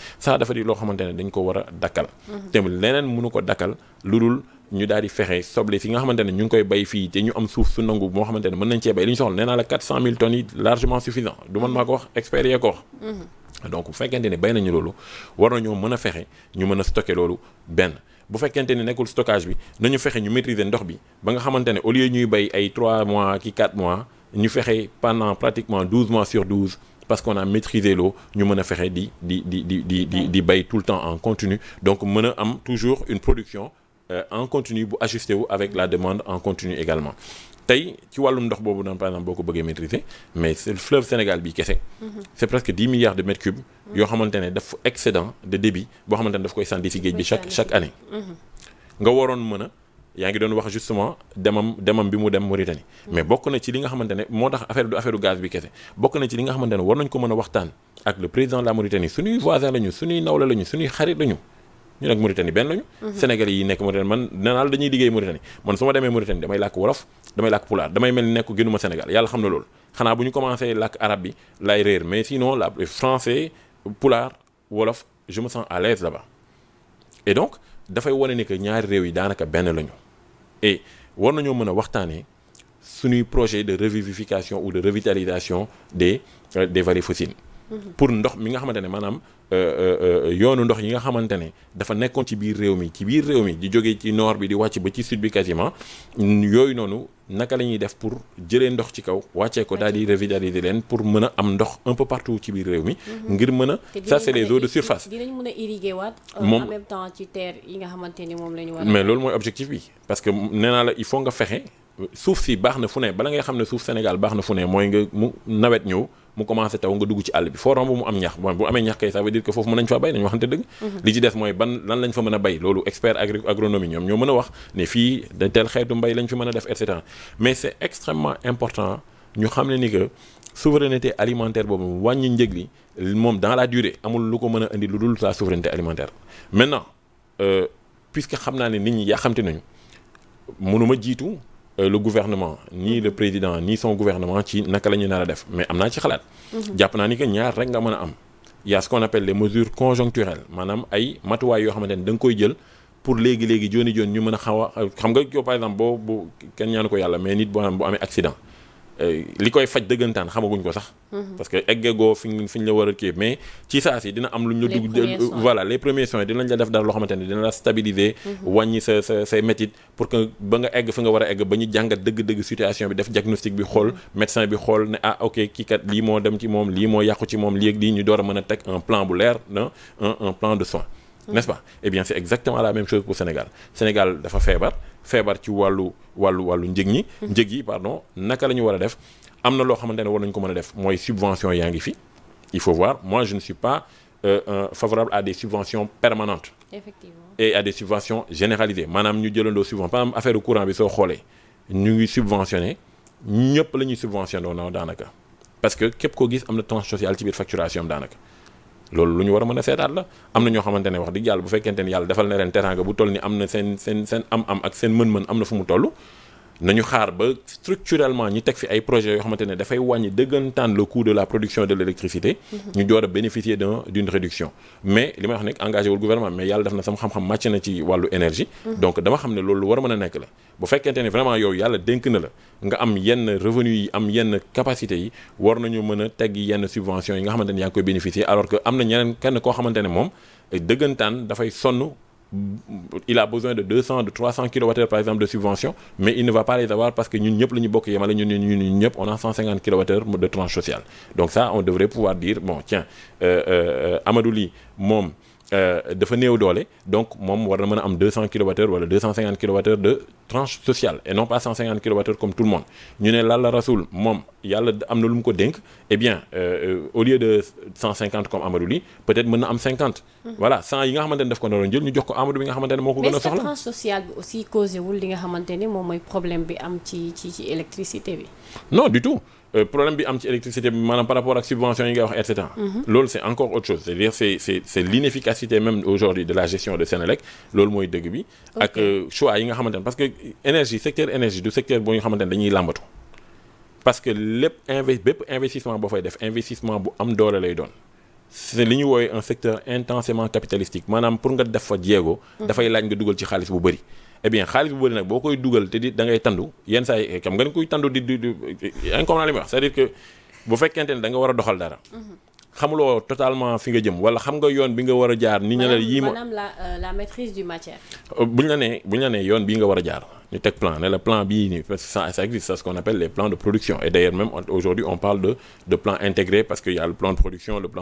S2: dafa di loo xamante ne dañ ko war a dakkal mhm. te leneen mënu ko dakkal lu dul ñu daal di fexe soble si nga xamante ne ñu ngi koy bay fii te ñu am suuf su nangu moo xamante ne mën nañ cee bay li ñu soxla nee naa la 400 000 tonnes yi largement suffisant du man maa ko wax expert yee ko wax mhm. donc bu fekkente bay benn bu fekkente ni nekkul stockage bi nañu fexe ñu maîtriser ndox bi ba nga xamante ne au lieu ñuy bay ay 3 mois ki 4 mois ñu fexe pendant pratiquement 12 mois sur 12 parce qu'on a maîtrisé l'eau ñu mën a fexe di di di di di di di bay tout le temps en continu donc mën a am toujours une production euh, en continu bu ajusté wu avec la demande en continu également tey ci wàllum ndox boobu noonu par exemple boo ko bëggee maîtriser mais fleuve Sénégal bi kese. Mhm. c'est presque dix milliards de mètres cubes. Mhm. yoo xamante daf excédent de débit boo xamante ne daf koy sànni ci géej bi chaque chaque année. Mhm. nga waroon mën a yaa ngi doon wax justement demam demam bi mu dem Mauritanie. mais bokk na ci li nga xamante ne moo tax affaire du affaire gaz bi kese bokk na ci li nga xamante ne war nañ ko mën a waxtaan ak le président de la Mauritanie suñuy voisin lañu suñuy nawle lañu ñu nag Mauritanie benn lañu. Mhm. Sénégalais yi nekk Mauritanie man nee la dañuy liggéey Mauritanie man su ma demee Mauritanie damay làkk wolof damay làkk pulaar damay mel ni nekk gënuma Sénégal yàlla xam na loolu xanaa bu ñu commencé làkk arabe bi laay réer mais sinon la français pulaar wolof je me sens à l'aise là-bas et donc dafay wane ni que ñaari réew yi daanaka benn lañu et war nañoo mën a waxtaanee suñuy projet de revivification ou de revitalisation des euh, des vallées pour ndox mi nga xamante ne maanaam euh, euh, euh, yoonu ndox yi nga xamante ne dafa nekkoon ci biir réew mi ci biir réew mi di jógee ci noor bi di wàcc ba ci sud bi quasiment yooyu noonu naka la ñuy def pour jëlee ndox ci kaw wàccee ko daal di revitaliser leen pour mën a am ndox un peu partout ci biir réew mi. Mm-hmm. ngir mën a ça les eaux de surface.
S3: dinañ
S1: mën waat. moom en même temps ci moom la ñu war mais loolu
S2: mooy objectif bi parce que nee naa la il faut nga fexe suuf si baax na fu ne bala ngay xam ne suuf Sénégal baax na fu mooy nga mu nawet ñëw mu commencé taw nga dugg ci àll bi foo romb mu am ñax bu amee ñax kay ça veut dire que foofu mën nañ fa bay nañ waxante dëgg mhm. li ci des mooy ban lañ fa mën a bay loolu expert agronomie ñoom ñoo mën a wax ne fii da xeetu mbay lañ fi mën a def et mais c'est extrêmement important ñu xam ne ni que souveraineté alimentaire boobu wàññi njëg li moom dans la durée amul lu ko mën a indi lu dul sa souveraineté alimentaire maintenant euh, puisque xam naa ne nit ñi yaa xamte nañu mënuma jiitu Euh, le gouvernement ni le président ni son gouvernement ci naka la ñu nar def mais am naa ci xalaat. Mhm. jàpp naa ni que ñaar rek nga mën a am. y a ce qu'on appelle les maanaam ay matuwaay yoo xamante ne da nga koy jël pour léegi léegi jooni jooni ñu mën a xaw a xam nga par exemple boo bu kenn ñaanu ko yàlla mais nit boo xam bu amee accident. Euh, li koy faj dëggantaan xamaguñ ko sax. Mhm. parce que eggagoo fi ñu fi ñu la war a kii mais ci saa si dina am lu ñu dugg voilà les premiers soins dinañ la def dara loo xamante ne dina la stabiliser. Mhm. wàññi sa sa say métit pour que ba nga egg fi nga war a egg ba ñu jàngat dëgg-dëgg situation bi def diagnostic bi xool mhm. médecin bi xool ne ah ok kii kat lii moo dem ci moom lii moo yàqu ci moom lii ak ñu door a mën a teg un plan bu leer na un plan de soin. Mmh. n'est-ce pas eh c'est exactement la même chose pour Sénégal Sénégal dafa feebar feebar ci wàllu wàllu wàllu njëg ñi mmh. njëg yi pardon naka la ñu war a def am na loo xamante ne war nañu ko mën a def mooy subvention yaa ngi fi il faut voir moi je ne suis pas euh, euh, favorable à des subventions permanentes effectivement et à des subventions généralisées maanaam ñu jëlandoo subvention par exemple affaire courant bi soo xoolee ñu ngi subventionné ñëpp la ñuy subventionné woon daanaka parce que képp koo gis am na tranche sociale ci biir facturation daanaka loolu lu ñu war a mën a seetaat la am na ñoo xamante ne wax di yàlla bu fekkente ni yàlla defal na leen teraanga bu toll ni am na seen seen seen am-am ak seen mën-mën am na fu mu toll nañu xaar ba structurellement ñu teg fi ay projets yoo xamante ne dafay wàññi dëggantaan le coût de la production de l'électricité mhm. ñu door a bénéficier d'un d'une réduction mais li ma wax nekk engagé wul gouvernement mais yàlla def na sama xam-xam màcc na ci wàllu énergie mhm. donc dama xam ne loolu war a mën a nekk la bu fekkente ne vraiment yow yàlla dénk na la nga am yenn revenu yi am yenn capacité yi war nañu mën a tegg yenn subvention yi nga xamante ne yaa ngi koy bénéficier am na ñeneen kenn koo ne moom dëggantaan dafay sonn il a besoin de 200 de 300 kWh par exemple de subvention mais il ne va pas les avoir parce que ñun ñëpp la ñu bokk yemale ñun on a 150 de tranche sociale donc ça on devrait pouvoir dire bon tiens euh, euh, euh Euh, dafa néew doole donc moom war na mën a am 200 kilowattheures wala 250 kilowattheures de tranche sociale et non pas 150 kilowattheures comme tout le monde ñu ne Lalla Rasoul moom yàlla am na lu mu ko dénk eh bien euh, euh au lieu de 150 comme Amadou Ly peut mën na am 50. Mmh. voilà yi nga xamante daf ko naroon jël ñu jox ko Amadou bi nga xamante moo ko gën a soxla mais tranche
S1: sociale bi aussi causé wul li nga xamante ne moom problème bi am ci ci électricité bi.
S2: non du tout. Euh, problème bi am ci électricité bi maanaam par rapport ak subvention yi nga wax et mhm. loolu c' encore autre chose c' dire c' est c' aujourd'hui de la gestion de Sénélec loolu mooy dëgg bi. ak euh, choix yi nga xamante parce que énergie secteur énergie du secteur boo nga xamante ne dañuy làmbatu. parce que lépp invest bépp investissement boo fay def investissement bu am doole lay doon. c'est li ñu woowe un secteur intensément capitalistique maanaam pour nga def fa jéego. Mhm. dafay laaj nga dugal ci xaalis bu bëri. eh bien xaalis bu bëri nag boo koy dugal te di da ngay tandu yenn saa yi eh, xam nga ni kuy tandu di di di eh, incommode li muy wax c'est-à-dire que bu fekkente ne da nga war a doxal dara. Mhm. xamuloo totalement fi nga jëm wala xam nga yoon bi nga war a jaar. ni ñu la yii ma maanaam
S1: la euh, la maîtrise du matière.
S2: Euh, buñ la nee buñ la nee yoon bii nga war a jaar. ñu teg plan ne la plan bii nii ça ça existe c'est ce qu'on appelle les plans de production et d'ailleurs même aujourd'hui on parle de de plan intégré parce que y a production ko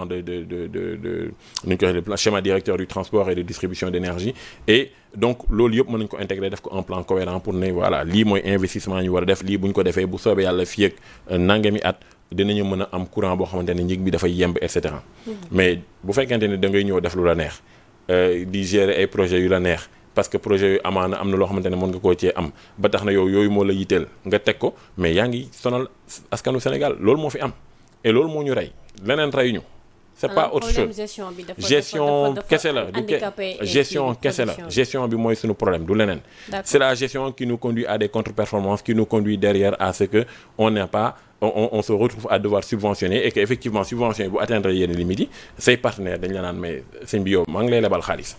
S2: intégrer def ko en plan cohérent pour ne voilà lii mooy investissement ñu a def lii bu ko defee bu soobee yàlla fii ak euh, nangami at dinañu mën a am courant boo xamante ne njëg bi dafay yemb et cetera mm-hmm. mais fekkente ne da ngay ñëw def lu la neex euh, di gérer ay projet yu la neex parce que projet yooyu amaana am na loo xamante ne mën nga koo cee am ba tax na yow yooyu moo la yitteel nga teg ko mais yaa ngi sonal askanu Sénégal loolu moo fi am et loolu moo ñu rey leneen rey ñu. c'est pas autre chose
S1: gestion kese la du
S2: gestion bi mooy suñu problème du leneen c'est la gestion qui nous conduit à des contre-performances qui nous conduit derrière à ce que on n'est pas on, on se retrouve à devoir subventionner et que effectivement subvention bu atteindre ngi lay lebal xaalis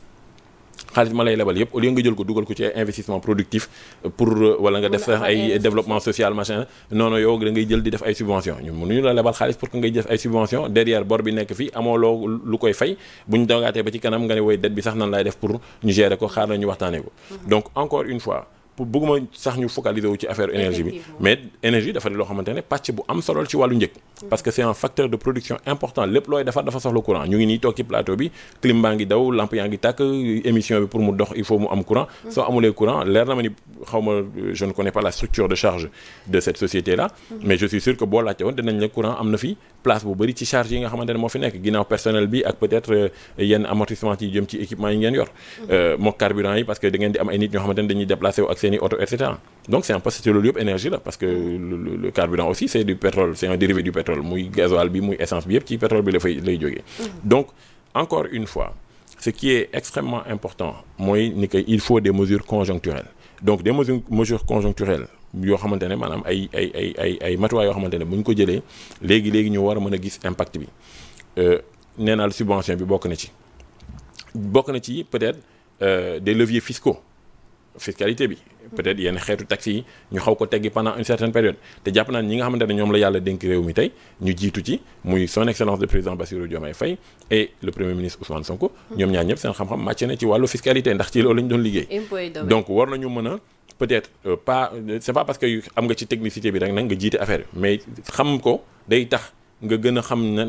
S2: xaalis ma lay lebal yëpp au lieu nga jël ko dugal ko ci investissement productif euh, pour euh, wala nga def sax ay développement social machin non non yow da ngay jël di def ay subvention ñu mënuñu la lebal xaalis pour que ngay def ay bor bi nekk fii amoo loo lu koy fay bu ñu dogaatee ba ci kanam nga ne woy dette bi sax nan laay def pour ñu gérer ko xaar na waxtaanee ko mhm. donc encore une fois pour bëgguma sax ñu focaliser ci affaire énergie bi mais énergie dafa di loo xamante ne pàcc bu am solo ci wàllu njëg mm-hmm. parce que c'est un facteur de production important lépp looy defar dafa soxla courant ñu ngi nii toog ci plateau bi clim baa ngi daw lamp yaa ngi tàkk émission bi pour mu dox il faut mu am courant mm-hmm. soo amulee courant leer na ma ni xaw ma je ne connais pas la structure de charge de cette société là mm-hmm. mais je suis sûr que boo laajte seeni oto et cetera donc c'est en parce que mm. loolu yëpp énergie la parce que le, le carburant aussi c'est du pétrole c'est du pétrole muy gasoil bi muy essence bi yëpp ci pétrole bi la fay lay jógee mm. donc encore une fois ce qui est extrêmement important mooy ni que il faut des mesures conjoncturelles donc des mesures mesures conjoncturelles yoo xamante ne maanaam ay ay ay yoo xamante ne bu ñu ko jëlee léegi léegi ñu war a mën a gis impact bi euh, nee naa la subvention bi bokk na ci bokk na ci peut-être euh, des leviers fiscaux fiscalité bi peut-être yenn xeetu taxes yi ñu xaw ko teggi pendant une certaine période te jàpp naa ñi nga xamante ne ñoom la yàlla dénk réew mi tey ñu jiitu ci muy son excellence le président Bassirou Diomaye Faye et le premier ministre Ousmane Sonko. ñoom ñaar ñëpp seen xam-xam màcc na ci wàllu fiscalité ndax ci loolu ñu doon liggéey donc war nañu mën a peut-être euh, pas c'est pas parce que am nga ci technicité bi rek nag nga jiite affaire mais xam ko day nga gën a xam na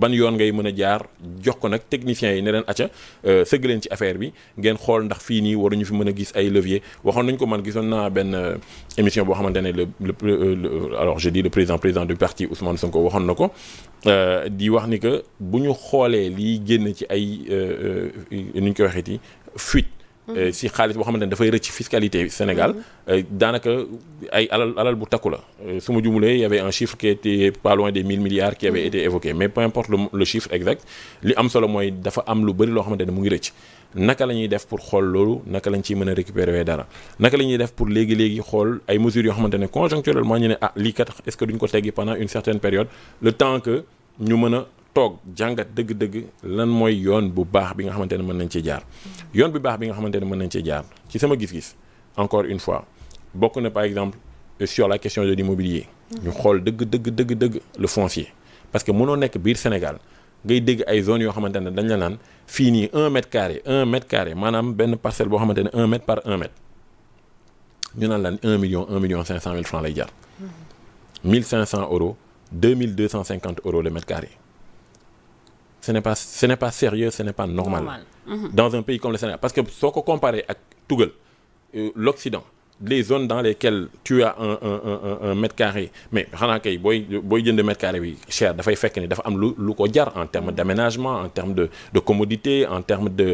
S2: ban yoon ngay mën a jaar jox ko nag techniciens yi ne leen acca euh, sëgg leen ci affaire bi ngeen xool ndax fii nii ñu fi mën a gis ay levier waxoon nañ ko man gisoon naa benn euh, émission boo xamante ne le le euh, alors je dis le président président du parti Ousmane Sonko waxoon na ko di wax ni que bu ñu xoolee liy génn ci ay nu ñu koy waxeeti fuite Euh, si xaalis boo xamante ne dafay rëcc fiscalité Sénégal mhm. euh, daanaka ay alal bu takku la euh, su ma jumulee y un chiffre qui était pas loin des milliards qui avait mhm. été évoqué mais peu importe le chiffre exact li am solo mooy dafa am lu bëri loo xamante mu ngi rëcc naka la def pour xool loolu naka lañ ciy mën a récupérer dara naka la def pour léegi-léegi xool ay mesures yoo xamante ne conjoncturellement ñu ne ah lii kat est-ce que ko teggi toog jàngat dëgg-dëgg lan mooy yoon bu baax bi nga xamante ne mën nañ ci jaar yoon bu baax bi nga xamante ne mën nañ ci jaar ci sama gis-gis encore une fois bokk na par exemple sur la question de l'immobilier ñu xool dëgg dëgg dëgg dëgg le foncier parce que mënoo nekk biir Sénégal ngay dégg ay zones yoo xamante ne dañu la naan fii nii un mètre carré un mètre carré maanaam benn parcelle boo xamante ni un mètre par un mètre ñu naan laan un million un million cinq cent mille francs lay jar mille cinq cent euros mille deux cent cinquante euros le mètre ce n'est pas ce n'est pas sérieux ce n'est pas normal. normal. Mmh. dans un pays comme le Sénégal parce que soo ko comparé ak tugal euh, l'Occident des zones dans lesquelles tu as un un un un mètre carré mais xanaa kay booy booy jënd mètre carré bi cher dafay fekk ni dafa am lu lu ko jar en terme mhm. d'aménagement en terme de de commodité en termes de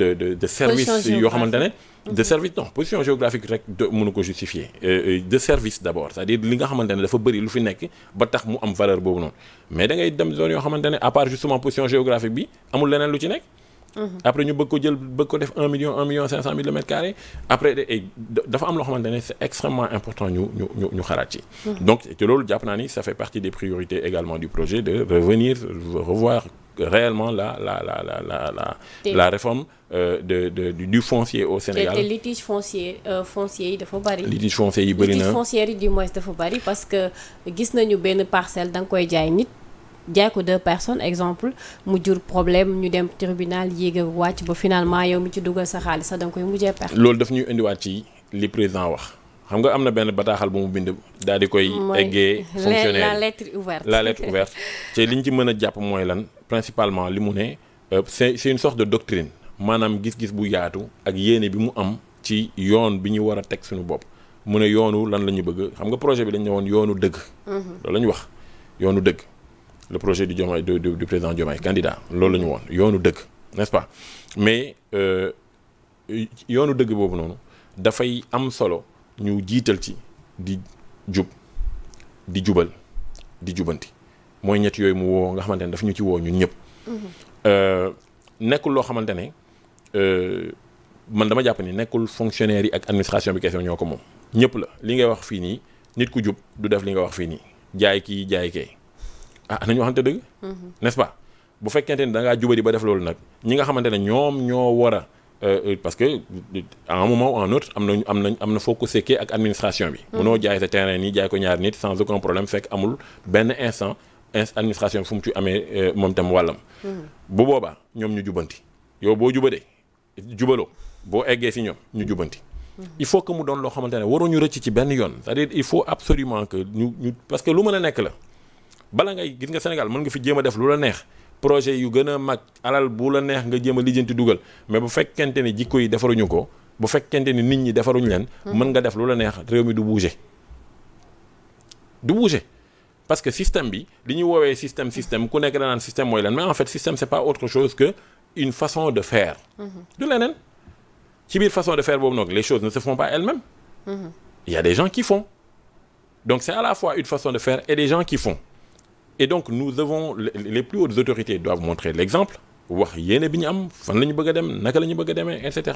S2: de de service yoo xamante ne de service non position géographique rek de mënu ko justifier euh, euh, de service d' abord dire li nga xamante ne dafa bëri lu fi nekk ba tax mu am valeur boobu noonu mais da ngay dem zone yoo xamante ne à part justement position géographique bi amul leneen lu ci nekk. Mhm. après ñu bëgg ko jël bëgg ko def un million un million cinq cent mille mètres carrés après dafa am loo xamante ne c'est extrêmement important ñu ñu ñu ci. Mhm. donc loolu jàpp naa ni ça fait partie des priorités également du réellement la la la la la la la réforme euh, de, de du foncier au Sénégal. te
S1: te foncier euh, foncier yi dafa bari. litige
S2: foncier yi bari na litige foncière
S1: yi dafa bari parce que gis nañu benn parcelle da nga koy jaay nit. jaay ko deux exemple mu jur problème ñu dem tribunal yéeg ak wàcc ba finalement yow mi ci dugal sa sax da koy mujjee perte.
S2: loolu daf ñuy indiwaat ci li président wax xam nga am na benn bataaxal bu mu bind. daal di koy eggee. fonctionnaire la
S1: lettre ouverte la lettre ouverte.
S2: te li ñu ci mën a jàpp mooy lan. principalement li mu ne euh, c'est c'est une sorte de doctrine maanaam gis-gis bu yaatu ak yéene bi mu am ci yoon bi ñu war a teg suñu bopp mu ne yoonu lan la ñu bëgg xam nga projet bi dañ ne woon yoonu dëgg. Mhm. loolu la ñu wax yoonu dëgg projet du Diomaye du du président Diomaye candidat loolu la ñu woon yoonu dëgg n'est-ce pas mais euh, yoonu dëgg boobu noonu dafay am solo ñu jiital ci di jub di jubal di jubanti. mooy ñett yooyu mu woo nga xamante ne daf ñu ci woo ñun ñëpp. Euh, nekkul loo xamante ne euh, man dama jàpp ni nekkul fonctionnaire yi ak administration bi kese ñoo ko moom. ñëpp la li ngay wax fii nii nit ku jub du def li nga wax fii nii jaay kii jaay kee ah nañu waxante dëgg. Mm-hmm. n'est-ce pas bu fekkente ni da ngaa jubadi ba def loolu nag ñi xamante ne ñoom ñoo war a. Euh, parce que à un moment ou un autre am nañu am na foo ko sekkee ak bi. mënoo mm-hmm. jaay sa terrain nii jaay ko ñaari nit sans aucun fekk amul benn instant. administration fu mu ci amee euh, moom tam wàllam. bu boobaa ñoom ñu jubanti yow boo jubadee jubaloo boo eggee si ñoom ñu jubanti. il faut que mu doon loo xamante ne ñu rëcc ci benn yoon c'est-à-dire il faut absolument que ñu ñu parce que lu mën a nekk la bala ngay gis nga Sénégal mën nga fi jéem a def lu la neex projet yu gën a mag alal bu la neex nga jéem a lijjanti dugal mais bu fekkente ni jikko yi defaruñu ko bu fekkente ni nit ñi defaruñu leen. Hmm. mën def lu la neex réew mi du bouger du bouger. parce que système bi li ñu woowee système système ku nekk danaan système mooy lan mais en fait système c'est pas autre chose que une façon de faire mm-hmm. du leneen ci biir façon de faire boobu nag les choses ne se font pas elles-mêmes mm-hmm. il y des gens qui font donc c'est à la fois une façon de faire et des gens qui font et donc nous devons les plus hautes autorités doivent montrer l'exemple wax yéene bi ñu am fan la ñu bëgg dem naka la ñu bëgg a demee et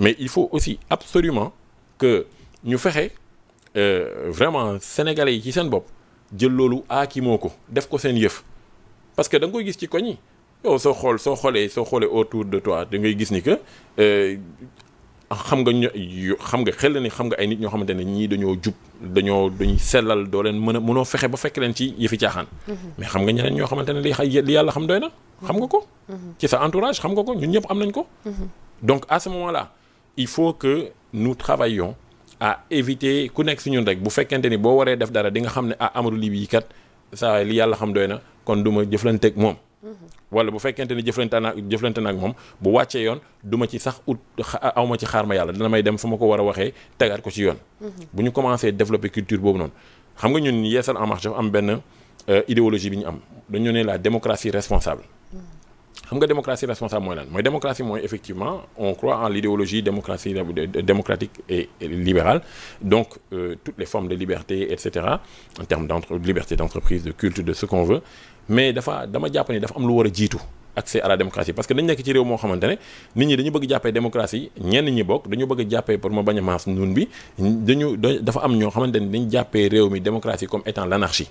S2: mais il faut aussi absolument que ñu fexe euh, vraiment sénégalais ci seen bopp jël loolu aakimoo ko def ko seen yëf parce que da nga koy gis ci koñ yow soo xool soo xoolee soo xoolee autour de toi da ngay gis ni que euh, xam nga ñu xam nga xel ni xam nga ay nit ñoo xamante ne ñii dañoo jub dañoo dañuy sellal doo leen mën a mënoo fexe ba fekk leen ci yëfi caaxaan. Mm-hmm. mais xam nga ñeneen ñoo xamante ne li li yàlla xam doy na. xam nga ko. Mm-hmm. ci sa entourage xam nga ko ñun ñëpp am nañ ko. Mm-hmm. donc à ce moment là il faut que nous travaillions. ah éviter ku nekk si ñun rek bu fekkente ni boo waree def dara di nga xam ne ah Amadou Ly kat saa li yàlla xam doy na kon du ma jëflanteeg moom. Mm-hmm. wala bu fekkente ni jëflante naa jëflante naag moom bu wàccee yoon du ma ci sax ut aw ma ci xaar ma yàlla dana may dem fu ma ko war a waxee tegaat ko ci yoon. Mm-hmm. bu ñu commencé développer culture boobu noonu xam nga ñun Yeesal en marche dafa am benn euh, idéologie bi ñu am dañu ne la démocratie responsable. xam nga démocratie responsable mooy lan mooy démocratie mooy effectivement on croit en l'idéologie démocratie démocratique et libérale donc euh, toutes les formes de liberté et en termes d'entre liberté d'entreprise de culte de ce qu'on veut mais dafa dama jàpp ni dafa am lu war a jiitu accès à la démocratie parce que dañ nekk ci réew moo xamante ne nit ñi dañu bëgg jàppee démocratie ñenn ñi bokk dañu bëgg jàppee pour ma bañ a maas nuun bi dañu dafa am ñoo xamante ne dañ jàppee réew mi démocratie comme étant l'anarchie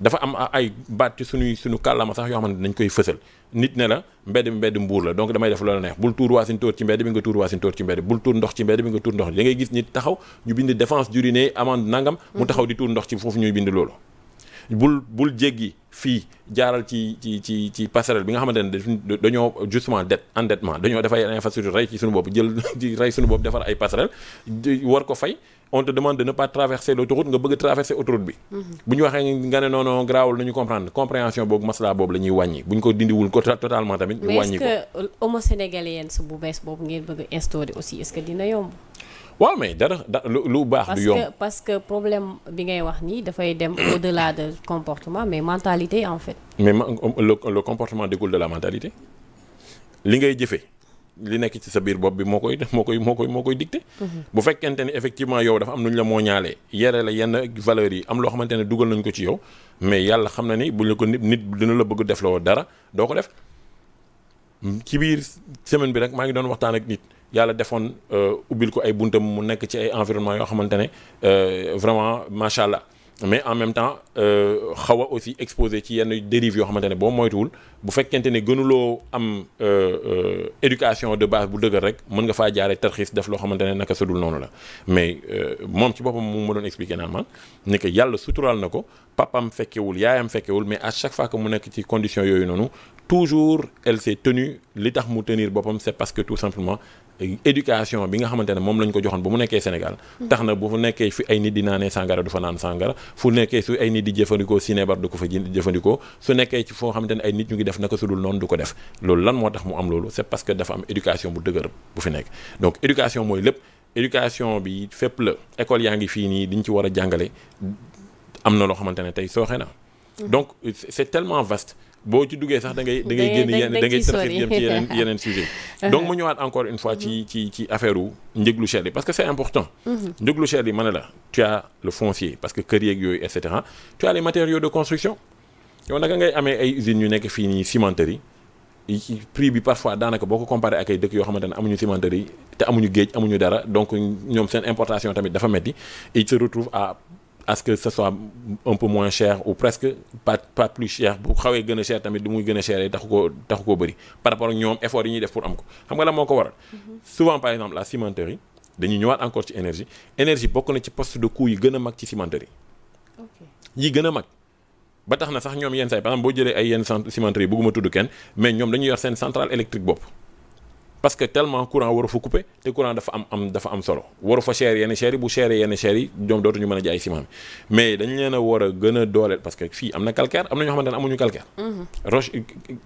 S2: dafa am ay baat ci suñuy suñu kàllaama sax yoo xamante ne dañ koy fësal nit ne la mbedd mi mbedd mbuur la donc damay def loola neex bul tuur waasin tóor ci mbedd bi nga tuur waasin tóor ci mbedd bul tuur ndox ci mbedd bi nga tuur ndox da ngay gis nit taxaw ñu bind défense d'uriner amende nangam mu taxaw di tuur ndox ci foofu ñuy bind loolu bul bul jéggi fii jaaral ci ci ci ci bi nga xamante ne dañoo justement det endettement dañoo def ay rey ci suñu jël rey suñu bopp defar ay passerelle war ko fay on demande de ne traverser l'autoroute nga bëgg traverser autoroute bi mm-hmm. bu waxee nga ne noonu garaawul nañu comprendre compréhension boobu masla boobu la wàññi bu ko dindiwul totalement tamit ñu wàññi
S1: ko mais est bu bees boobu ngeen bëgg instaurer aussi est
S2: waaw mais dara lu baax du yomb
S1: parce que problème bi ngay wax nii dafay dem au-delà de comportement mais mentalité en fait
S2: mais le, le comportement découle de la mentalité li ngay jëfe li nekk ci sa biir bopp bi moo koy moo koy moo koy moo koy dicté mhm. bu fekkente ni effectivement yow dafa am nu ñu la moo ñaalee yere la yenn valeurs yi am loo xamante ne dugal nañ ko ci yow mais yàlla xam na ni bu ñu ko nit nit dina la bëgg def loo dara doo ko def hmm, ci biir semaine bi rek maa ngi doon waxtaan ak nit yàlla defoon euh, ubbil ko ay buntam mu nekk ci ay environnement yoo xamante ne euh, vraiment macha allah mais en même temps euh, xaw a aussi exposé ci yenn dérives yoo xamante ne boo moytuwul bu fekkente ne gënuloo am éducation de base bu dëgër rek mën nga faa jaaree tarxiis def loo xamante ne naka sudul noonu la mais moom ci boppam mu ma doon expliqué naan ma ni que yàlla suturaal na ko papam fekkewul yaayam fekkewul mais à chaque fois que mu nekk ci condition yooyu noonu toujours elle li tax mu tenir boppam c'est parce que tout simplement éducation bi nga xamante ne moom lañ ko joxoon ba mu nekkee Sénégal tax na bu fu nekkee fi ay nit di naanee sàngara du fa naan sàngara fu nekkee su ay nit di jëfandikoo sinébar du ko fa jëfandikoo su nekkee ci foo xamante ne ay nit ñu ngi def naka sudul noonu du ko def loolu lan moo tax mu am loolu c'est parce que dafa am éducation bu dëgër bu fi nekk donc éducation mooy lépp éducation bi fépp la école yaa ngi fii nii diñ ci war a jàngale am na loo xamante ne tey sooxe na mm. donc c'est tellement vaste boo ci duggee sax dangay ngay da ngay génn yenn da ngay tarxir jëm ci yeneen yeneen sujet donc mu ñëwaat encore une fois ci ci ci affaire wu njëglu cher yi parce que c'est important mhm. njëglu cher yi ma ne la tu as le foncier parce que kër yeeg yooyu et cetera tu as les matériaux de construction yow naka ngay amee ay usines yu nekk fii nii cimenterie yi prix bi parfois daanaka boo ko comparé ak ay dëkk yoo xamante ne amuñu cimenterie te amuñu géej amuñu dara donc ñoom seen importation tamit dafa metti ils se retrouvent à parce que ce soit un peu moins cher ou presque pas pas plus cher bu xawee gën a cher tamit du muy gën a cher taxu koo taxu ko bëri par rapport ak ñoom effort yi ñuy def pour am ko xam nga la moo ko waral. Mm-hmm. souvent par exemple la cimenterie dañuy ñëwaat encore ci énergie énergie bokk na ci poste de coût yi gën a mag ci cimenterie yi. yi gën a mag ba tax na sax ñoom yenn saa yi par exemple boo jëlee ay yenn centre cimenterie yi bëgguma tudd kenn mais ñoom dañuy parce que tellement courant waru fa coupé te courant dafa am am dafa am solo waru fa cher yenn cher yi bu cher yenn cher yi ñoom dootuñu mën a jaay ciment bi mais dañu leen war a gën a dooleel parce que fii am na calcaire am na ñoo xamante amuñu calcaire. Mhm. roche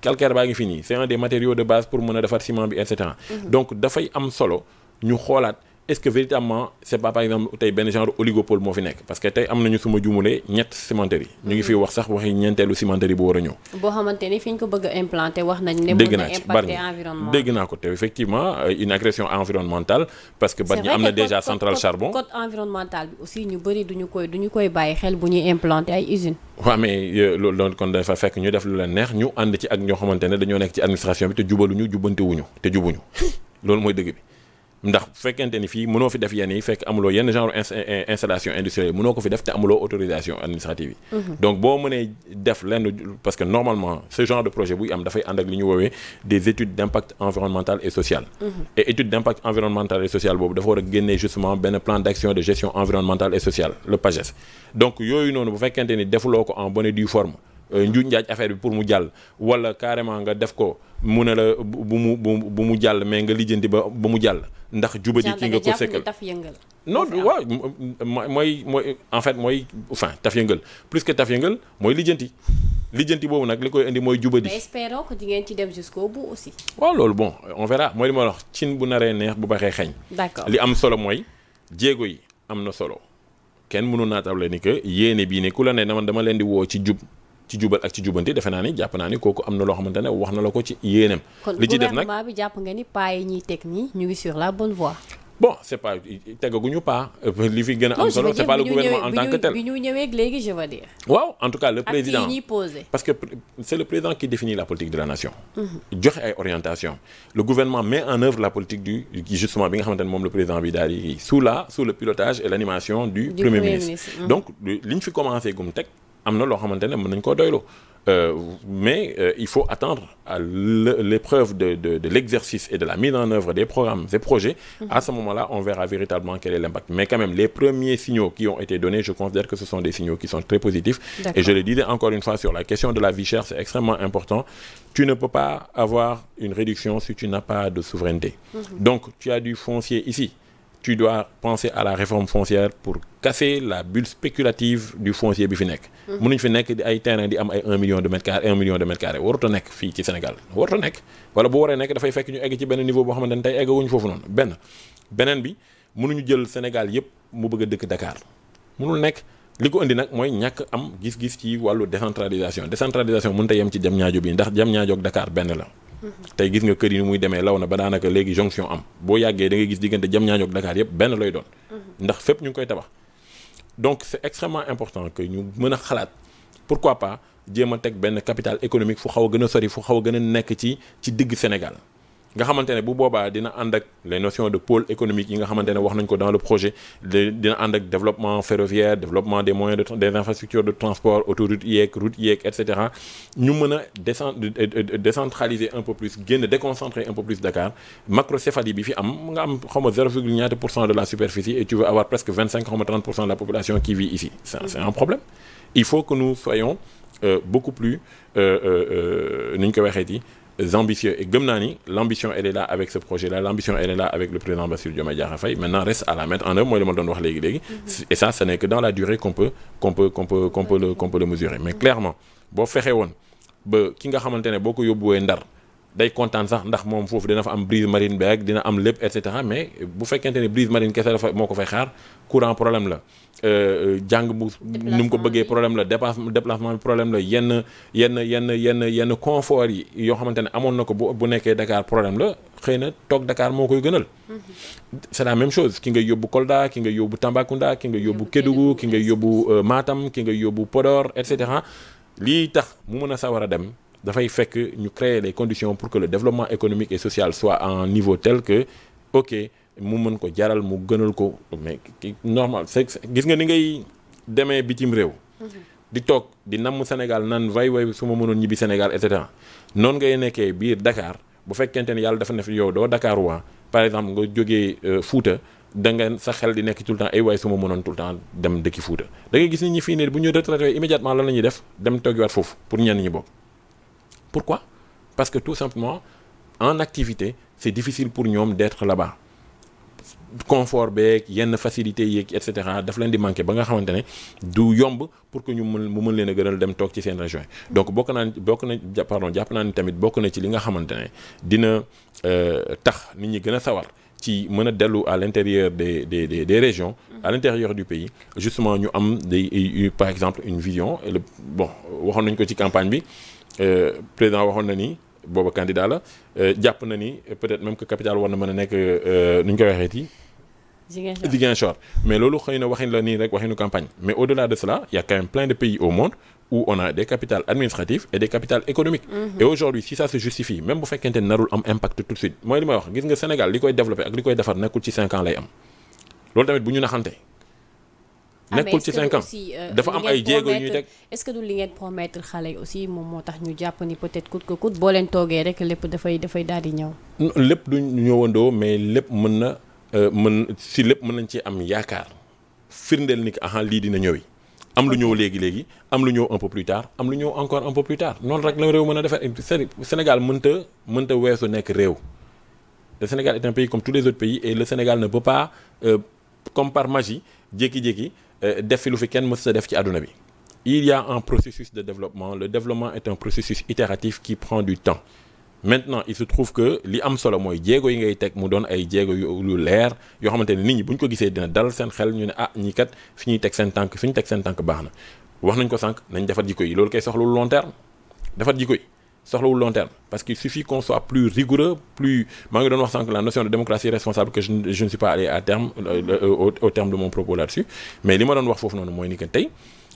S2: calcaire baa ngi fi nii c'est un des de base pour mën a defar ciment bi et cetera. Mhm. donc dafay am solo ñu xoolaat. est-ce que véritablement c'est pas par exemple tey benn genre oligopole moo fi nekk parce que tey am nañu suma jumulee ñett cimenterie ñu ngi fi wax sax waxi ñeenteelu cimenterie bu war a ñëw.
S1: boo xamante ni fi ñu ko bëgg a implanter wax nañ ne. mën na impacter
S2: naa ko te effectivement euh, une agression environnementale. parce que Bargny am na déjà centrale charbon. code
S1: environnemental bi aussi ñu bëri duñu koy duñu koy bàyyi xel bu ñuy implanter ay usines.
S2: waaw mais euh, loolu donc kon dafa fekk ñu def lu leen neex ñu ànd ci ak ñoo xamante ne dañoo nekk ci administration bi te jubaluñu jubbante wuñu te jubuñu loolu mooy dëgg bi ndax bu fekkente ni fii mënoo fi def yenn yi fekk amuloo yenn genre installation industrielle mënoo ko fi def te amuloo autorisation administrative yi mhm. donc boo mënee def lenn parce que normalement ce genre de projet buy am dafay ànd ak li ñu woowee des études d' impact environnemental et social mhm. et étude d' impact environnemental et social boobu dafa war a génnee justement benn plan d' action de gestion environnementale et sociale le PAGES donc yooyu noonu bu fekkente ni defuloo ko en bonne et due forme euh, pour mu jàll wala carrément nga def ko mu ne la bu mu bu mu jàll mais nga lijjanti ba ba mu jàll ndax jubadi ki nga ko sekkal non waaw mooy mooy en fait mooy enfin taf yëngal plus que taf yëngal mooy lijjanti lijjanti boobu nag li koy indi mooy jubadi mais
S1: espérons que di ngeen ci dem jusqu'au bout aussi
S2: waaw loolu bon on mooy li ma wax cin bu naree neex bu baxee xeeñ d'accord li am solo mooy jéego yi am na solo kenn mënu naatable ni que yéene bii ne ku la ne dama dama leen di woo ci jub ci jubal ak ci jubanti defe naa ni jàpp naa ni kooku am na loo xamante wax na la ko ci yéeneem. kon gouvernement
S1: bi jàpp nga ni pas yi ñuy teg nii ñu ngi sur la bonne voie.
S2: bon c' est pas tegaguñu pas li fi gën a am solo bi
S1: ñu ñëwee léegi
S2: waaw en tout cas le président parce que c' le président qui définit la politique de la nation. Mm-hmm. joxe ay orientation le gouvernement met en œuvre la politique du justement bi nga xamante moom le président bi am na loo xamante ne mën nañu koo doyloo euh, mais euh, il faut attendre à l'épreuve de de de l'exercice et de la mise en œuvre des programmes et projets. à ce moment-là on verra véritablement quel est l'impact mais quand même les premiers signaux qui ont été donnés je considère que ce sont des signaux qui sont très positifs. et je le disais encore une fois sur la question de la vie c'est extrêmement important tu ne peux pas avoir une réduction si tu n'as pas de souveraineté. Mhm. donc tu as du foncier ici. tu dois penser à la réforme foncière pour casser la bulle spéculative du foncier bi fi nekk. Mhm. mënuñ fi nekk di ay terrain di am ay 1 million de mètres carrés 1 million de mètres carrés warut a nekk fii ci Sénégal warut a nekk wala bu waree nekk dafay fekk ñu egg ci benn niveau boo xamante ne tey eggawuñ foofu noonu benn beneen bi mënuñu jël Sénégal yëpp mu bëgg a dëkk dakaar mënul nekk. li ko indi nag mooy ñàkk am gis-gis ci wàllu décentralisation décentralisation mënut a yem ci jam ñaajo bi ndax jam ñaajoog Dakar benn la tey gis nga kër yi ni muy demee law na ba daanaka léegi jonction am boo yàggee da ngay gis diggante Diamniadio ak Dakar yëpp benn lay doon ndax fépp ñu ngi koy tabax donc c'est extrêmement important que ñu mën a xalaat pourquoi pas jéem a teg benn capital économique fu xaw a gën a sori fu xaw a gën a nekk ci ci diggu Sénégal nga xamante ne bu boobaa dina ànd ak les notions de pôle économique yi nga xamante ne wax nañ ko dans le projet dina ànd ak développement ferroviaire développement des moyens de des infrastructures de transport autoroute yeeg route yeeg et cetera ñu mën a décent décentraliser un peu plus génn déconcentrer un peu plus Dakar macrocéphalie bi fi am nga am xaw ma zéro virgule ñaata pour cent de la superficie et tu veux avoir presque vingt de la population qui vit ici c'est un problème il faut que nous soyons euh, beaucoup euh, euh, euh, ñu ko waxee yi ambitieux et gëm naa ni l'ambition elle est là avec ce projet là l'ambition elle est là avec le président Bassirou Diomaye Diakhar Faye maintenant reste à la mettre en œuvre mooy li ma doon wax léegi léegi mm-hmm. et ça ce n'est que dans la durée qu'on peut qu'on peut qu'on peut le mesurer mais mm-hmm. clairement boo fexe woon ba ki nga xamante ne boo ko yóbbuwee Ndar day kontaan sax ndax moom foofu dina fa am brise marine bi ak dina am lépp et mais bu fekkente ne brise marine kese dafa moo ko fay xaar courant problème la Euh, euh, jàng bu nu mu ko bëggee problème la déplacement bi problème la yenn yenn yenn yenn yenn confort yi yoo xamante ne amoon na ko bu bu nekkee Dakar problème la xëy na toog Dakar moo koy gënal mhm. c'est la même chose ki nga yóbbu Kolda ki nga yóbbu Tambacounda ki nga yóbbu Kédougou ki nga yóbbu euh, maatam ki nga yóbbu Podor et cetera lii tax mu mën a sawar a dem dafay fekk ñu créer les conditions pour que le développement économique et social soit un niveau tel que ok mu mën ko jaral mu gënal ko mais ki normal c'est gis nga ni ngay demee bitim réew. Mm-hmm. di toog di namm Sénégal naan way way su ma mënoon ñibbi Sénégal et noon noonu ngay nekkee biir dakaar bu fekkente ni yàlla dafa ne fi yow doo dakaar waa par exemple nga jógee euh, Fuuta da nga sa xel di nekk tout le temps ay waay su ma mënoon tout le dem dëkki Fuuta da ngay gis nit ñi fii ne bu ñu retraité immédiatement lan la ñuy def dem toogiwaat foofu pour ñenn ñi bokk pourquoi parce que tou simplement en activité c'est difficile pour ñoom d'être là-bas confort beeg yenn facilité yeeg et cetera daf leen di manqué ba nga xamante ne du yomb pour que ñu mën mu mën leen a gënal dem toog ci seen région yi donc bokk naa bokk na pardon jàpp naa ni tamit bokk na ci li nga xamante ne dina euh, tax nit ñi gën a sawar ci mën a dellu à l'intérieur des des des des régions à l'intérieur du pays justement ñu am des euh, par exemple une vision le bon waxoon nañ ko ci campagne bi euh, président waxoon na ni booba candidat la jàpp na ni peut-être même que capital war na mën a nekk nu ñu koy waxeeti
S3: Ziguinchor
S2: mais loolu xëy na waxin la nii rek waxinu campagne mais au-delà de cela il y a quand même de pays au monde où on a des capitales administratives et des capitales économiques mhm. et aujourd'hui si ça se justifie même bu fekkente narul am impact tout suite mooy li may wax gis nga Sénégal li koy développer ak li koy defar nekkul ci 5 ans lay am loolu tamit bu ñu naxante ah, nekkul ci 5 ans euh, dafa am ay jéego ñuy teg
S1: est du li ngeen promettre xale yi aussi moom moo tax ñu jàpp ni peut-être coûte que coûte boo leen toogee di ñëw
S2: lépp du ñëwandoo mais lépp mën na Euh, mën si lépp mën nañ ci am yaakaar firndeel ni que lii dina ñëwi am lu ñëw léegi léegi am lu ñëw un plus tard am lu ñëw encore un peu plus tard noonu rek la réew mën a defar Sénégal mënta mënta weesu nekk réew le Sénégal est un pays comme tous les autres pays le Sénégal ne peut pas euh, comme par magie jékki-jékki euh, def fi lu fi kenn mës sa def ci àdduna bi il y a un processus de développement le développement est un processus itératif qui prend du temps maintenant il se trouve que li am solo mooy jéego yi ngay teg mu doon ay jéego yu leer yoo xamante ne nit ñi bu ñu ko gisee dina dal seen xel ñu ne ah ñii kat fi ñuy teg seen tànk fi ñu teg seen tànk baax na wax nañ ko sànq nañ defar jikko yi loolu kay soxlawul long terme defar jikko yi soxlawul long terme parce qu'il suffit qu'on soit plus rigoureux plus maa ngi doon wax sànq la notion de démocratie responsable que je je ne suis pas allé à terme euh, euh, au, terme de mon li ma doon wax foofu noonu mooy ni que tey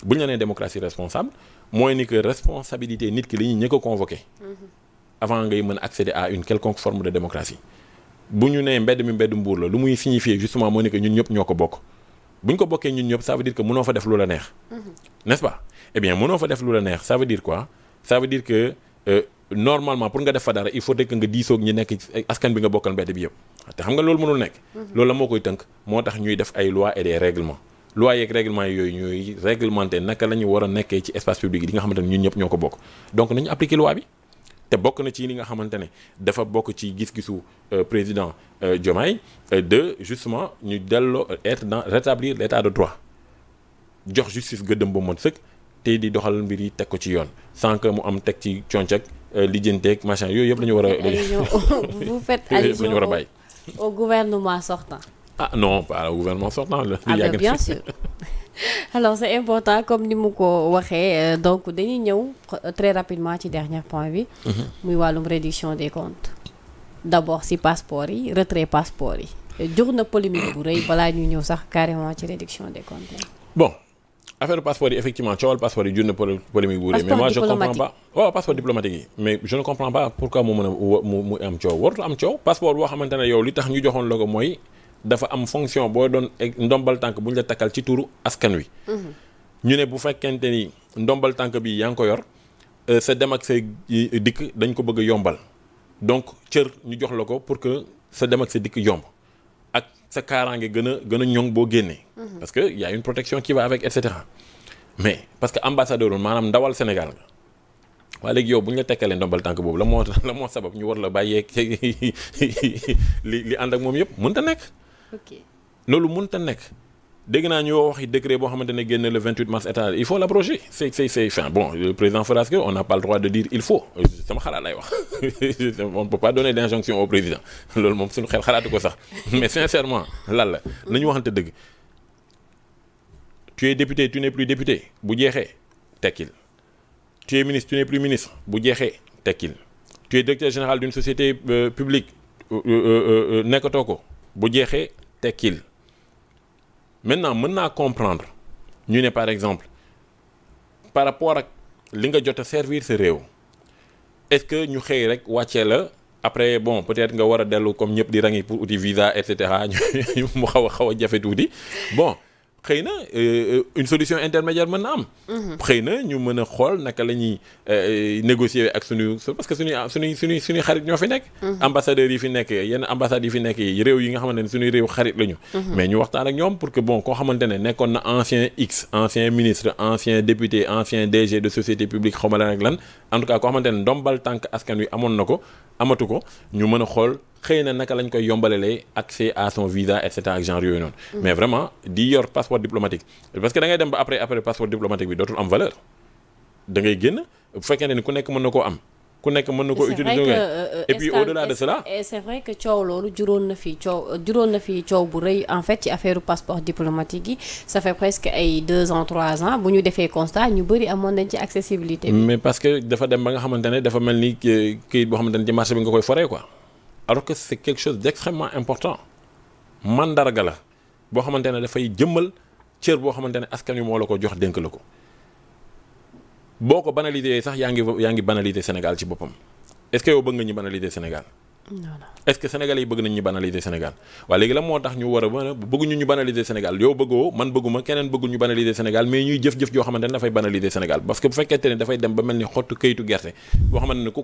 S2: bu ñu la nee démocratie responsable mooy ni que responsabilité nit ki la ñuy ñëkk a avant ngay mën accéder à une quelconque forme de démocratie bu ñu nee mbedd mi mbedd mbuur la lu muy signifier justement moo ne ñun ñëpp ñoo ko bokk bu ñu ko bokkee ñun ñëpp ça veut def lu la mm-hmm. eh fa def lu neex ça veut dire quoi ça veut dire que euh, normalement pour nga def fa dara il faut que nga diisoog ñi nekk askan loolu mënul nekk mm-hmm. loolu la moo koy tënk moo tax ñuy def ay lois et des règlements lois yeeg naka la ñu war a nekkee ci espace public yi nga xamante ne ñun ñëpp ñoo ko bokk donc nañu appliquer loi bi te bokk na ci li nga xamante ne dafa bokk ci gis-gisu euh, président euh, Diomaye euh, de justement ñu delloo être dans rétablir l' état de droit jox justice gëddëm ba mot sëkk te di doxal mbir yi teg ko ci yoon sans mu am teg ci concak lijjanteeg machin yooyu yëpp la ñu war a. vous faites allusion war a bàyyi.
S1: au gouvernement sortant.
S2: ah non pas au gouvernement sortant ah bien sûr.
S1: alors c'est important comme ni mu ko waxee euh, donc dañuy ñëw très rapidement ci dernier point bi. Mhm. muy wàllum réduction des comptes. d'abord si passeport yi retrait passeport yi. jur na polémique bu rëy balaa ñu ñëw sax carrément ci réduction des comptes.
S2: bon affaire passeport yi effectivement coowal passeport yi jur na bu rëy. mais moi je comprends passeport diplomatique yi. mais je ne comprends pas pourquoi mu mën a mu mu am coow warut boo xamante ne yow li tax ñu joxoon la ko mooy. dafa am fonction boo doon ndombal tànk bu ñu la takkal ci turu askan wi. Mhm. ñu ne bu fekkente ni ndombal tànk bi yaa ngi ko yor euh, sa dem ak say dikk dañ ko bëgg a yombal donc cër ñu jox la ko pour que sa dem ak sa dikk yomb ak sa kaaraange gën a gën a ñoŋ boo génnee. Mhm. parce que y a une protection qui va avec et mais parce que ambassadeur woon maanaam ndawal senegal nga. waa léegi yow bu ñu la tekkalee ndombal tànk boobu la moo la moo sabab ñu war la bàyyeeg li li ànd ak moom yëpp mënta nekk. loolu mun ta nekk dégg naa ñu wax waxi décret boo xamante ne génne le 28 mars état il faut l'approcher c'est c'est c'est enfin bon le président fera ce que on n'a pas le droit de dire il faut sama xalaat lay wax on ne peut pas donner d'injonction au président loolu moom suñu xel xalaatu ko sax mais sincèrement lan la ñu waxante dëgg tu es député tu n'es plus député bu jeexee tekkil tu es ministre tu n'es plus ministre bu jeexee tekkil tu es directeur général d'une société euh, publique euh, euh, euh, nekkatoo ko bu jeexee tekkil maintenant mën naa comprendre ñu ne par exemple par rapport ak li nga jot a servir sa réew est-ce que ñu xëy rek wàccee la après bon peut-être nga war a dellu comme ñëpp di rangi pour uti visa et cetera ñu mu xaw a xaw a jafe tuuti bon. xëy na euh, euh, une solution intermédiaire mën na am. Mhm. xëy na ñu mën a xool naka la ñuy euh, négocier ak suñu parce que suñuy suñuy suñuy suñuy xarit ñoo fi nekk. Mhm. ambassadeurs yi fi nekk yenn ambassades yi fi nekk yi réew yi nga xamante ne suñuy réew xarit la ñu. Mhm. mais ñu waxtaan ak ñoom pour que bon koo xamante ne nekkoon na ancien X ancien ministre ancien député ancien DG de société publique xaw ma lan ak lan en tout cas koo xamante ne ndombal tànk askan wi amoon na ko amatu ko ñu mën a xool. xëy na naka lañ koy yombalalee accès à son visa et cetera ak genre yooyu noonu. Mm. mais vraiment di yor passeport diplomatique. parce que da dem ba après après passeport diplomatique bi dootul am ku nekk mën na koo am. ku nekk mën na ko utiliser euh, et puis au-delà de bu
S1: rëy en fait ci affaire passeport diplomatique yi ça fait presque ay deux ans trois ans bu ñu defee constat ñu bëri amoon nañ ci accessibilité bi
S2: mais parce que dafa dem ba nga xamante ne dafa mel ni kii boo xamante ne ci marché bi nga koy foree quoi alors que c'est quelque chose d'extrêmement important mandarga la boo xamante ne dafay jëmmal cër boo xamante ne askan wi moo la ko jox dénk la ko boo ko banaliser sax yaa ngi yaa ngi banaliser Sénégal ci boppam est-ce que yow bëgg nga ñu banaliser Sénégal est-ce que sénégalais yi bëgg nañ banaliser Sénégal waaye léegi la moo tax ñu war a mën a bëgguñu ñu banaliser Sénégal yow bëggoo man bëgguma keneen bëggul ñu banaliser Sénégal mais ñuy jëf-jëf joo xamante ne dafay banaliser Sénégal parce que bu fekkente ne dafay dem ba mel ni xottu këyitu gerte boo xamante ku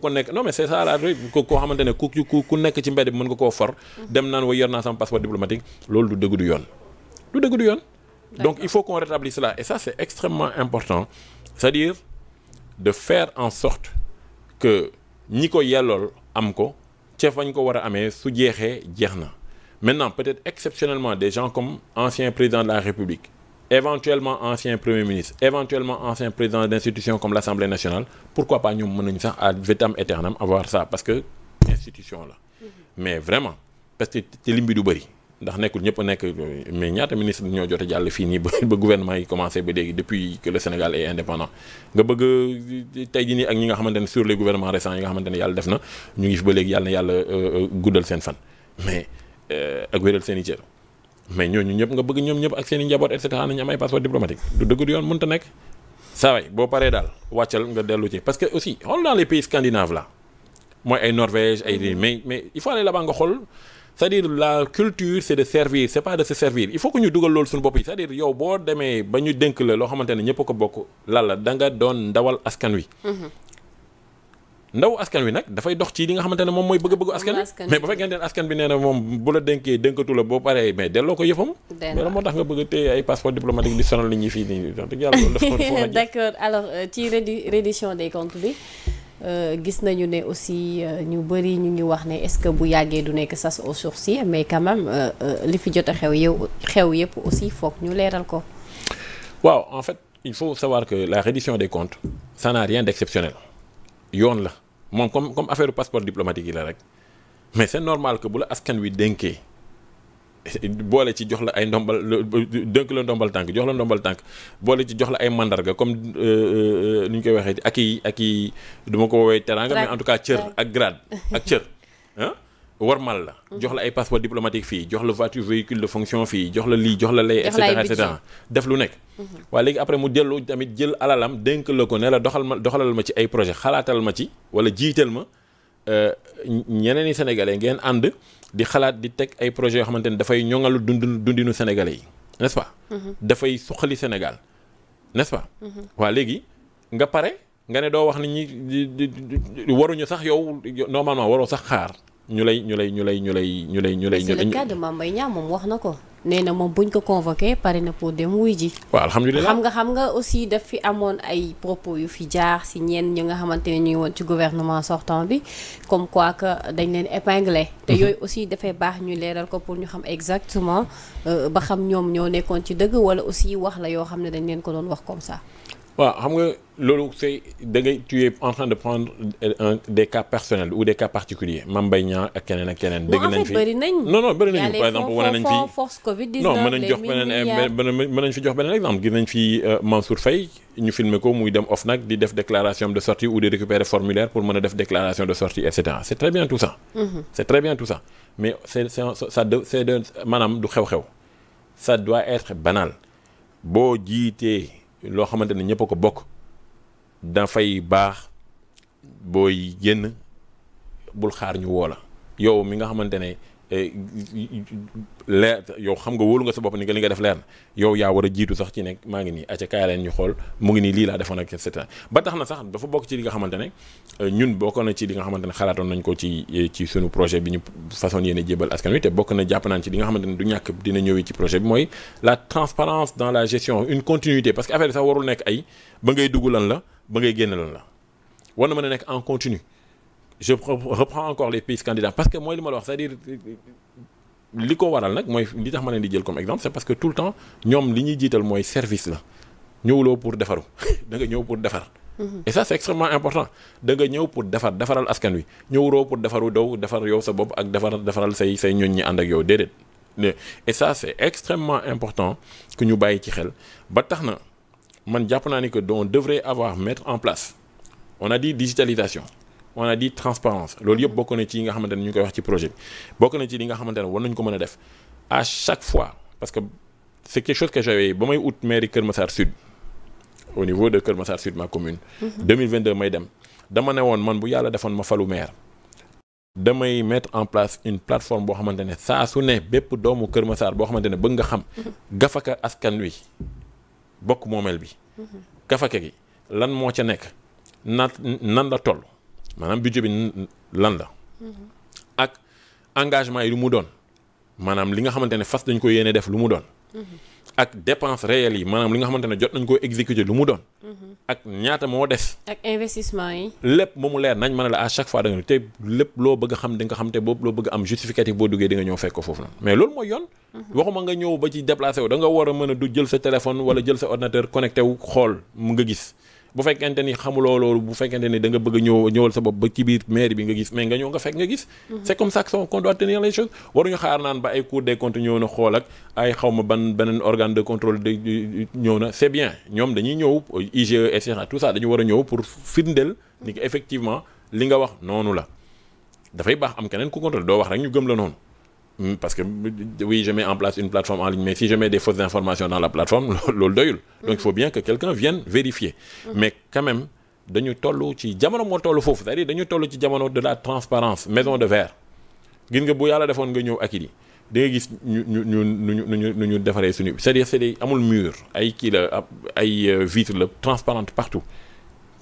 S2: ko nekk ci mbedd mën nga koo for dem naan way naa sama passeport diplomatique loolu du dëgg yoon du dëgg du yoon donc il faut qu'on rétablisse cela de faire en sorte que ñi ko yellool am ko ca fañ ko war a amee su jeexee jeex na maintenant peut-être exceptionnellement des gens comme ancien président de la République éventuellement ancien premier ministre éventuellement ancien président d'institution comme l'Assemblée nationale pourquoi pas ñoom mën nañu sax à vitam aeternam avoir ça parce que institution la mm-hmm. mais vraiment parce que te lim bi du bëri ndax nekkul ñëpp nekk mais ñaata ministre ñoo jot a jàll fii nii ba ba gouvernement yi commencé ba léegi depuis que le Sénégal est indépendant nga bëgg tey jii nii ak ñi nga xamante ne sur les gouvernements récents yi nga xamante ne yàlla def na ñu ngi fi ba léegi yàlla na yàlla euh, euh, guddal seen fan mais euh, ak wéral seen i cër mais ñooñu ñëpp nga bëgg ñoom ñëpp ak seen i njaboot et cetera nañu am ay passeport diplomatique du dëgg yoon mënta nekk saa waay boo paree daal nga dellu ci parce que aussi xool dans les pays scandinaves là mooy mm-hmm. mais mais il faut sa à dire la culture c'est de servir c'est pas de se servir il faut que ñu dugal loolu suñu bopp yi cest à yow boo demee ba ñu dénk la loo xamante ne ñëpp a ko bokk lan la da nga doon ndawal askan wi. Mhm. ndaw askan wi nag dafay dox ci li nga xamante moom mooy bëgg-bëggu askan wi mais ba fekkente ne askan bi nee moom bu la dénkee dénkatu la boo paree mais delloo ko yëfam mais moo tax nga bëgg a ay passeport diplomatique di sonal li ñuy fii nii wax
S1: dëgg Euh, gis nañu ne aussi euh, ñu bëri ñu ngi wax ne est-ce que bu yàggee du nekk sas aux mais quand euh, li fi jot a xew yow xew yëpp aussi foog ñu leeral ko.
S2: waaw en fait il faut savoir que la reddition des comptes ça n'a rien d'exceptionnel yoon la moom comme comme affaire passeport diplomatique yi la rek mais c'est normal que bu la askan wi dénkee. boole ci jox la ay ndombal dënk la ndombal tànk jox la ndombal tànk boole ci jox la ay mandarga comme euh, euh, ni ñu koy waxee ak i ak i du ma ko woowee teraanga mais en tout cas cër ak grade ak cër ah la mhm. jox la ay passeport diplomatique fii jox la voiture véhicule de fonction fii jox la lii jox la lay et cetera def lu nekk mhm. waa léegi après mu dellu tamit jël alalam dénk la ko ne la doxal ma doxalal ma ci ay projet xalaatal ma ci wala jiital ma euh, ñeneen i sénégalais ngeen ànd di xalaat di teg ay projets yoo xamante ne dafay ñoŋalu dundinu dundinu sénégalais yi n'est-ce pas. Mm-hmm. dafay suqali Sénégal n'est-ce
S3: mm-hmm.
S2: waa léegi nga pare nga ne doo wax ni ñi waruñu sax yow normalement waroo sax xaar. ñu lay ñu lay ñu lay ñu lay ñu lay ñu lay. ñu lay ñu cas de
S1: Mame Mbaye Niang moom wax na ko. nee na moom buñ ko convoqué pare na pour dem wuy ji. waaw alhamdulilah xam nga xam nga aussi daf fi amoon ay propos yu fi jaar si ñenn ñi nga xamante ne ñu ngi woon ci gouvernement sortant bi comme quoi que dañ leen épinglé. te mhm. yooyu aussi dafay baax ñu leeral ko pour ñu xam exactement euh, ba xam ñoom ñoo nekkoon ci dëgg wala aussi wax la yoo xam ne dañ leen ko doon wax comme ça.
S2: waaw xam nga loolu c'est da ngay en train de prendre euh, un des cas personnels ou des cas particuliers Mame Mbaye Niang ak keneen ak keneen. dégg nañ fi non non bëri nañu par exemple wane nañ fi
S1: non mën nañ jox beneen
S2: mën nañ fi jox beneen exemple gis nañ fi euh, Mansour Faye ñu filmer ko muy dem nag di def déclaration de sortie ou di récupérer formulaire pour mën a def déclaration de sortie et cetera c'est très bien tout ça. Mm-hmm. c'est très bien tout ça mais maanaam du xew-xew ça doit être banal boo jiitee. loo xamante ne ñëpp a ko bokk dafay baax booy génn bul xaar ñu woo la yow mi nga xamante ne Eh, leer yow xam nga wóolu nga sa bopp ni nga li nga def leer na yow yaa war a jiitu sax ci nekk maa ngi nii acca kaay leen ñu xool mu ngi nii lii laa defoon ak et tax na sax dafa bokk ci li nga xamante ne eh, ñun bokk na ci nga xamante ne xalaatoon nañ ko ci eh, ci sunu projet bi ñu façon yéene jébal askan wi te bokk na jàpp naan ci li nga xamante ne du ñàkk dina ñëwee ci projet bi mooy la transparence dans la gestion une continuité parce que affaire bi sax warul nekk ay ba ngay dugg lan la ba ngay génn lan la war na mën a nekk en continu je reprends encore les pays candidats parce que mooy li ma la wax cest dire li ko waral nag mooy li tax ma leen di jël comme exemple c'est parce que tout le temps ñoom li ñuy jiital mooy service la ñëwuloo pour defaru da nga ñëw pour defar. Mm-hmm. et ça c'est extrêmement important da nga ñëw pour defar defaral askan wi ñëwuloo pour defaru dow defar yow sa bopp ak defar defaral say say ñoñ ñi ànd ak yow déedéet. et ça c'est extrêmement important que ñu bàyyi ci xel ba tax na man jàpp naa ni que on devrait avoir mettre en place on a dit digitalisation. on a dit transparence loolu yëpp bokk na ci nga xamante ne ñu ngi koy wax ci projet bi bokk na ci li nga xamante ne war nañu ko mën a def à chaque fois parce que c'est quelque chose que j'avais ba may ut mairie Kër Massar Sud au niveau de Kër Massar Sud ma commune. 2022 mhm. may dem dama ne woon man bu yàlla defoon ma falu maire. damay mettre en place une plateforme boo xamante ne saa su ne bépp doomu Kër Massar boo xamante ne bëgg nga xam. Mhm. gafaka askan wi bokk moomeel bi. Mhm. gafaka gi lan moo ca nekk nan nan la maanaam budget bi lan la. Mm-hmm. ak engagement yi lu mu doon maanaam li nga xamante ne fas dañ ko yéene def lu mu doon. Mm-hmm. ak dépenses réelles yi maanaam li nga xamante ne jot nañ koo exécuter lu mu doon. Mm-hmm. ak ñaata moo def.
S1: ak investissement yi.
S2: lépp mu leer nañ mën a la à chaque fois da nga te lépp loo bëgg a xam nga xam te boobu loo bëgg am justificatif boo duggee di nga ñëw fekk ko foofu noonu mais loolu mooy yoon. waxuma nga ñëw ba ci déplacé wu da war a mën a du jël sa téléphone wala jël sa ordinateur connecté wu xool mu nga gis. bu fekkente ni xamuloo loolu bu fekkente ni danga bëgg a ñëw ñëwal sa bopp ba ci biir maire bi nga gis mais nga ñëw nga fekk nga gis mhm. c'est comme ça qu'on doit tenir les choses waruñu xaar naan ba ay cour des comptes ñëw na xool ak ay xawma ban beneen organe de contrôle de ñëw na c'est bien ñoom dañuy ñëw IGE et cetera tout ça dañu war a ñëw pour firndeel ni effectivement li nga wax noonu la dafay baax am keneen ku contrôle doo wax rek ñu gëm la noonu Mm, parce que oui je mets en place une plateforme en ligne mais si je mets des fausses informations dans la plateforme loolu doyul donc il faut bien que quelqu'un vienne vérifier mm. mais quand même dañu toll ci jamono moo toll foofu c'est-à-dire dañu toll ci jamono de la transparence maison de verre gis nga bu yàlla defoon nga ñëw ak yi da nga gis ñu nu ñu ñu ñu ñu ñu defaree suñu cest dire c'est amul mur ay kii la ay euh, vitre la transparente partout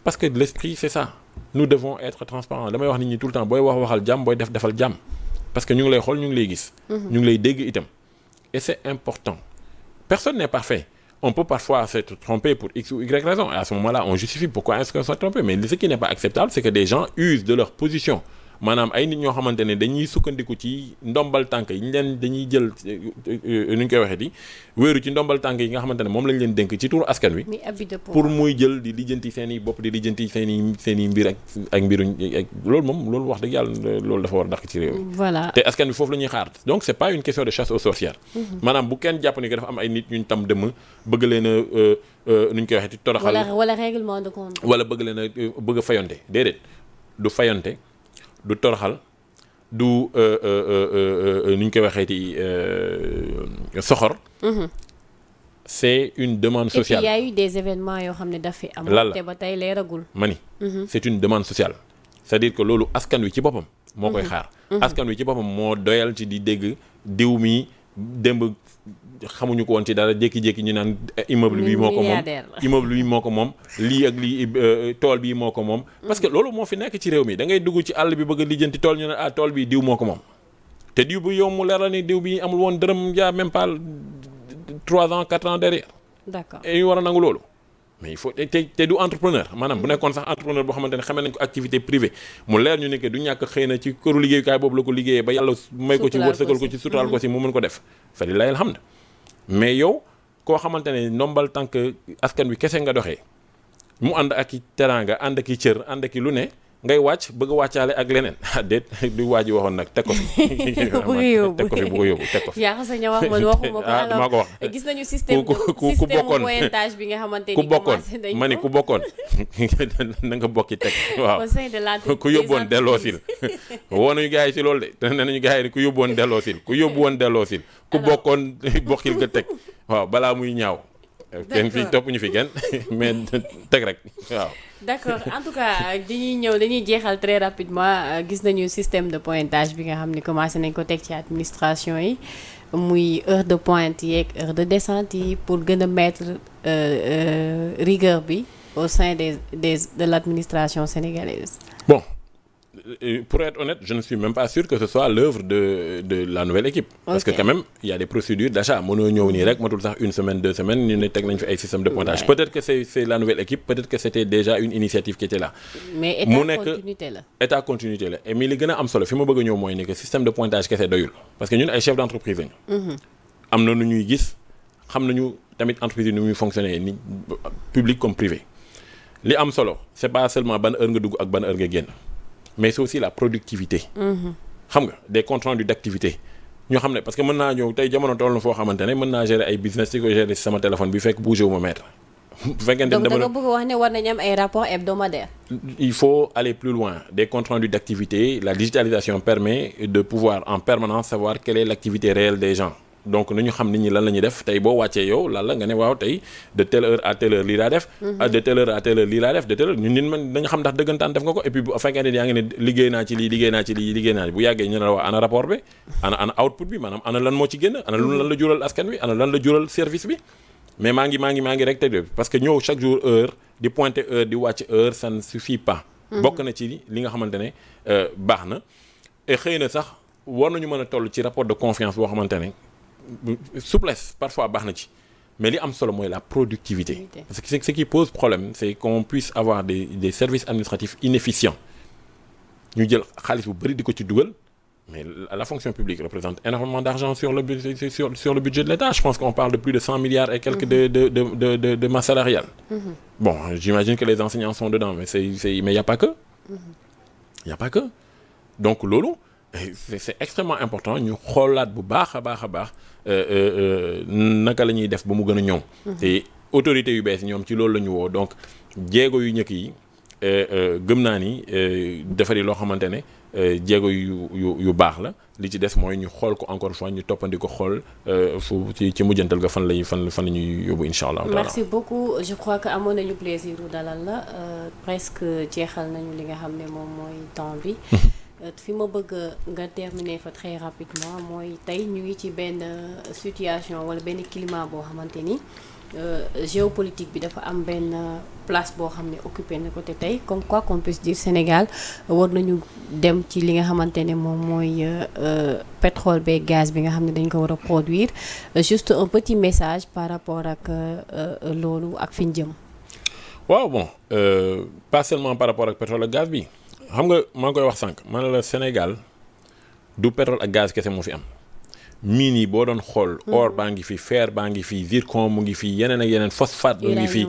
S2: parce que l'esprit c'est ça nous devons être transparents damay wax nit ñi tout le defal jàmm parce que ñu ngi lay xool ñu ngi lay gis. Mhm. ñu ngi lay dégg itam. et c'est important personne n'est parfait on peut parfois s'être trompé pour x ou y raison et à ce moment-là on justifie pourquoi est-ce qu'on s'est trompé mais ce qui n'est pas acceptable c'est que des gens usent de leur position. maanaam ay nit ñoo xamante ne dañuy sukkandiku ci ndombal tànk yi ñu leen dañuy jël euh, nu ñu koy waxee di wéeru ci ndombal tànk yi nga xamante ne moom lañ leen dénk ci turu askan wi. pour muy jël di lijjanti seen bopp di lijjanti seen i seen i mbir ak mbiru loolu moom loolu wax dëgg yàlla loolu dafa war a dàq ci réew mi. voilà te askan wi foofu la ñuy xaar donc c'est pas une question de chasse aux mm-hmm. maanaam bu kenn jàpp ni que dafa am ay nit ñu tam dëmm bëgg leen a euh, euh, nu ñu koy waxee ci toroxal wala wala règlement de compte. wala bëgg leen a bëgg a du fayonte du toroxal du euh, euh, euh, nu ñu koy waxeeti soxor. Mhm. c'est une demande sociale et
S1: puis il y a xam ne daf fi am. la te tey leeragul.
S2: ma ni mhm. c'est une demande sociale. c'est-à-dire que loolu askan wi ci boppam. moo koy mhm. xaar. askan wi ci boppam moo doyal ci di dégg diw mi démb xamuñu ko woon ci dara jékki-jékki ñu naan eh, immeuble bi moo ko moom immeuble bi moo ko moom lii ak lii eh, eh, tool bii moo ko moom parce que mm. loolu moo fi nekk ci réew mi da ngay dugg ci àll bi bëgg a lijjanti tool ñu ah, tool bii diw moo ko moom te diw bu yow mu leeral ni diw bi amul woon dërëm yaa même pas trois ans quatre ans derrière d'accord et ñu war a nangu loolu mais il faut te te du entrepreneur maanaam bu mm. nekkoon sax entrepreneur boo xamante ne nañ ko activité privée mu ci këru liggéeyukaay boobu la ko liggéeyee ba yàlla may ko ci wërsëgal ko ci suturaal ko mm-hmm. si na mais yow koo xamante ne ndombal tànk askan wi kese nga doxee mu ànd ak i teraanga ànd ak i cër ànd ak i lu ne ngay wàcc bëgg wàccaale ak leneen ah déet du waa ji waxoon nag teg ko fi. teg ko fi bu yóbbu teg ko fi. yaa xasee wax man ko ah, alors maa ko wax ku bokkoon bi nga xamante ku bokkoon ma ni ku bokkoon na nga bokki teg waaw ku yóbboon delloo sil woo na gars yi si loolu de te nee nañu gars yi ku yóbboon delloo sil ku yóbbu woon delloo sil ku bokkoon bokkil nga teg waaw balaa muy ñaaw. kenn fi topp ñu fi kenn mais teg rek waaw. d'accord en tout
S1: cas ñuy ñëw dañuy jeexal très rapidement euh, gis nañu système de pointage bi nga xam ni commencé nañ ko teg ci administration yi muy heure de pointe yeeg heure de descente yi pour gën a mettre euh, euh, rigueur bi au sein des des de l'administration sénégalaise
S3: bon
S2: pour être honnête je ne suis même pas sûr que ce soit l'œuvre de de la nouvelle équipe. Okay. parce que quand il y des procédures d'achat mënoo ñëw nii rek matul sax une semaine deux semaines ñu ne teg nañ fi ay système de pointage peut-être que c'est la nouvelle équipe peut-être que c'était déjà une initiative qui était là. mais état continuité la et mais li gën a am solo fi ma bëgg a ñëw mooy ne que système de pointage kese doyul parce que ñun ay chefs
S3: mhm.
S2: ñuy gis xam nañu tamit entreprise ni public comme privé li am solo c'est pas seulement ban heure nga ban heure nga mais c'est aussi la productivité. xam nga des comptes rendus activité ñoo xam ne parce que mën naa ñëw tey jamono toll na foo xamante ne mën naa gérer ay business di ko gérer si sama téléphone bi fekk bougé wu ma maître. bu fekkente ne dama donc da nga
S1: bëgg wax ne war nañu am ay rapports hebdomadaires.
S2: il faut aller plus loin des comptes rendus activité la digitalisation permet de pouvoir en permanence savoir quelle est l'activité réelle des gens. donc nañu xam nit ñi lan la ñuy def tey boo wàccee yow lan la nga ne waaw tey de telle heure à telle heure lii laa def mhm. de telle heure à telle heure lii laa def de telle heure ñun nit man da nga xam ndax dëggantaan def nga ko et puis bu fekkee ne yaa ngi ne liggéey naa ci lii liggéey naa ci lii liggéey naa ci bu yàggee ñu ne la waa ana rapport bi ana ana output bi maanaam ana lan moo ci génn ana lu lan la jural askan wi ana lan la jural service bi mais maa ngi maa ngi maa ngi rek te parce que ñëw chaque jour heure di pointer heure di wàcc heure ça ne suffit pas mhm. bokk na ci li nga xamante ne euh, baax na et xëy na sax war nañu mën a toll ci rapport de confiance boo xamante ne souplesse parfois baax na ci mais li am solo mooy la productivité parce que ce qui pose problème c'est qu'on puisse avoir des des services administratifs inefficients ñu jël xaalis bu bëri di ko ci dugal mais la fonction publique représente énormément d'argent sur le sur sur le budget de l'État je pense qu'on parle de plus de milliards et quelques de de de mm-hmm. j'imagine que les enseignants sont dedans mais c'est c'est a pas que. Mm-hmm. y a pas que donc loolu. c'est c'est important ñu xoolaat bu baax a baax a baax euh, euh, euh, naka la ñuy def ba mu gën a ñoom mm-hmm. te autorités yu bees ñoom ci loolu la ñu woo donc jéego yu ñëkk yi gëm naa ni dafa di loo xamante ne jéego yu yu yu baax la li ci des mooy ñu xool ko encore une fois ñu toppandi xool fu ci ci mujjantal ga fan lañuy fan fan la ñuy yóbbu incha allah. merci
S1: beaucoup je crois que amoon nañu plaisir dalal la presque jeexal nañu li nga xam ne moom mooy temps bi. Euh, fi ma bëgg nga terminer fa très rapidement mooy tey ñu ngi ci benn euh, situation wala benn climat boo xamante ni euh, géopolitique bi dafa am benn place boo xam ne occupé na ko te tey comme quoi qu'on puisse dire Sénégal war nañu dem ci li nga xamante ne moom mooy pétrole bee gaz bi nga xam ne dañ ko war a produire juste un petit message par rapport ak loolu ak fi ñu jëm.
S2: waaw bon euh, pas seulement par rapport ak pétrole ak gaz bi. xam nga maa ngi koy wax sànq man ne la Sénégal du pétrole ak gaz kese moo fi am mine yi boo doon xool. Hmm. or baa ngi fi fer baa ngi fi zircon mu ngi fi yeneen ak yeneen phosphate. mu ngi fi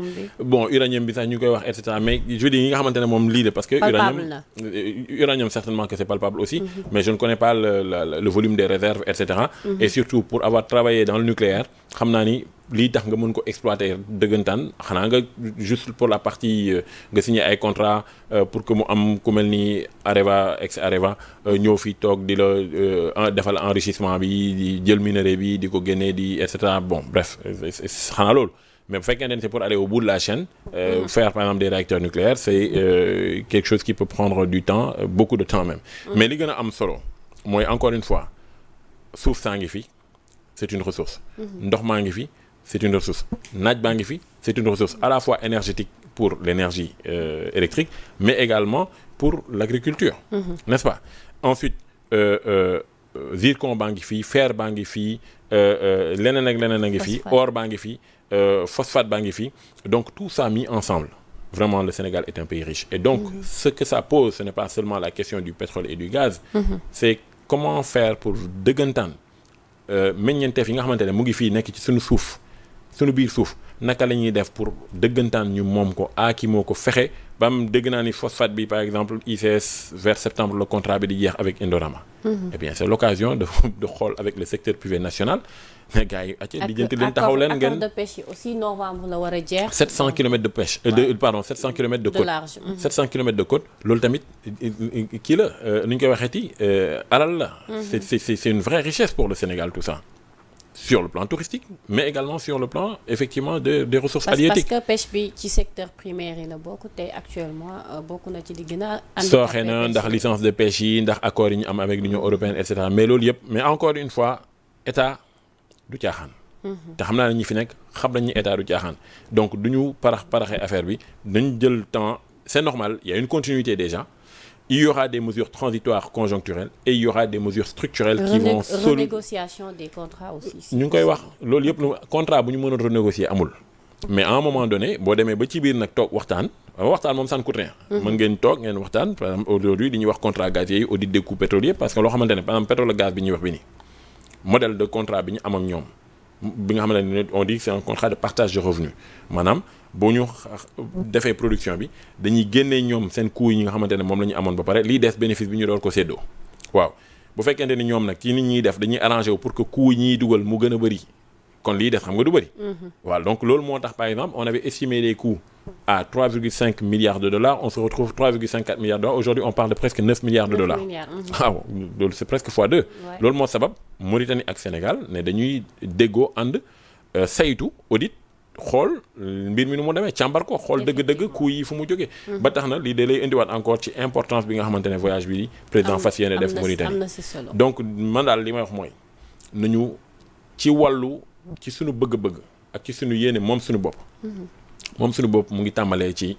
S2: bon uranium bi sax ñu koy wax et cetera mais je veux yi nga xamante ne moom lii de parce que. uranium euh, uranium certainement que c'est palpable aussi. Hmm. mais je ne connais pas le, volume des réserves et cetera. Mm -hmm. et surtout pour avoir travaillé dans le nucléaire xam naa ni. lii tax nga mën ko exploiter dëggantaan xanaa nga juste pour la partie euh, nga signé ay contrat euh, pour que mu am ku mel ni Areva ex Areva euh, ñëw fi toog di la defal enrichissement bi di jël minerai bi di ko génnee di et cetera bon bref xanaa loolu mais bu fekkee ne c'est pour aller au bout la chaîne euh, mmh. faire par exemple des réacteurs nucléaires c'est euh, quelque chose qui peut prendre du temps beaucoup de temps même mm-hmm. mais li gën a am solo mooy encore une fois suuf saa ngi fi c'est une ressource mm-hmm. ndox maa ngi fi c'est une ressource naaj baa ngi fi c'est une ressource à la fois énergétique pour l'énergie euh, électrique mais également pour l'agriculture mhm. n'est-ce pas ensuite euh, euh zircon baa ngi fii fer baa ngi euh, euh, a ngi fii or baa ngi fii phosphate baa ngi fii donc tout ça mis ensemble vraiment le Sénégal est un pays riche et donc mmh. ce que ça pose ce n'est pas seulement la question du pétrole et du gaz mmh. c'est comment faire pour dëggantaan meññeenteef yi nga xamante ne mu sunu biir suuf naka la ñuy def pour dëggantaan ñu moom ko aaki moo ko fexe ba am dégg naa ni phosphate bi par exemple ICS vers septembre le contrat bi di jeex avec Indorama. Mm-hmm. eh bien c' est l' occasion de de xool avec le secteur privé national. gars yi acca lijjanti leen taxaw leen ngeen de
S1: pêche yi aussi novembre la war a jeex.
S2: 700 kilomètres de pêche. Euh, de pardon 700 kilomètres de côte de large. 700 mm-hmm. kilomètres de côte loolu tamit kii la euh, nu ñu koy waxeeti euh, alal la. c' est c' est une vraie richesse pour le Sénégal tout ça. sur le plan touristique mais également sur le plan effectivement des des ressources halieutiques parce
S1: que pêche bi ci secteur primaire yi la bokk actuellement euh, bokk na ci li gën a. sooxe
S2: na ndax licence de pêche yi ndax accords yi ñu am avec l'union européenne et mais loolu yëpp mais encore une fois état du caaxaan. Mhm. te xam naa ne ñi fi nekk xam nañ ni état du caaxaan donc du ñu parax paraxee affaire bi dañ jël temps c'est normal il y a une continuité déjà. il y aura des mesures transitoires conjoncturelles et il y aura des mesures structurelles René qui
S1: vont ñu ngi koy wax
S2: loolu yëpp lu contrat bu ñu mën a renégocier amul mais à un moment donné boo demee ba ci biir nag toog waxtaan waxtaan moom ça ne coûte rien mhm. mën ngeen toog ngeen waxtaan par exemple wax contrat gazier yi audit des coûts pétroliers parce que loo xamante ne par exemple pétrole gaz bi ñuy wax bi nii modèle de contrat bi ñu am ak ñoom bi nga xamante ne on dit c'est un contrat maanaam boo ñu defee production bi dañuy génnee ñoom seen coût yi nga xamante ne moom la ñu amoon ba pare lii des bénéfice bi ñu door ko séddoo waaw bu fekkente ni ñoom nag ci nit ñuy def dañuy arrangé wu pour que coût yi ñuy dugal mu gën a bëri kon lii des xam nga du bëri mhm. waaw donc loolu moo tax par exemple on avait estimé les coûts à 3,5 milliards de dollars on se retrouve milliards de dollars aujourd'hui on parle de presque 9 milliards de dollars mhm. ah, ne dañuy déggoo ànd euh, saytu xool mbir mi nu mu demee càmbar ko xool dëgg-dëgg coût yi fu mu jógee. Mhm. ba tax na lii da lay indiwaat encore ci importance bi nga xamante ne voyage bi président fas yéene def Mauritanie donc man daal li may wax mooy nañu ci wàllu ci suñu bëgg-bëgg ak ci suñu yéene moom suñu bopp mhm. moom suñu bopp mu ngi tàmbalee ci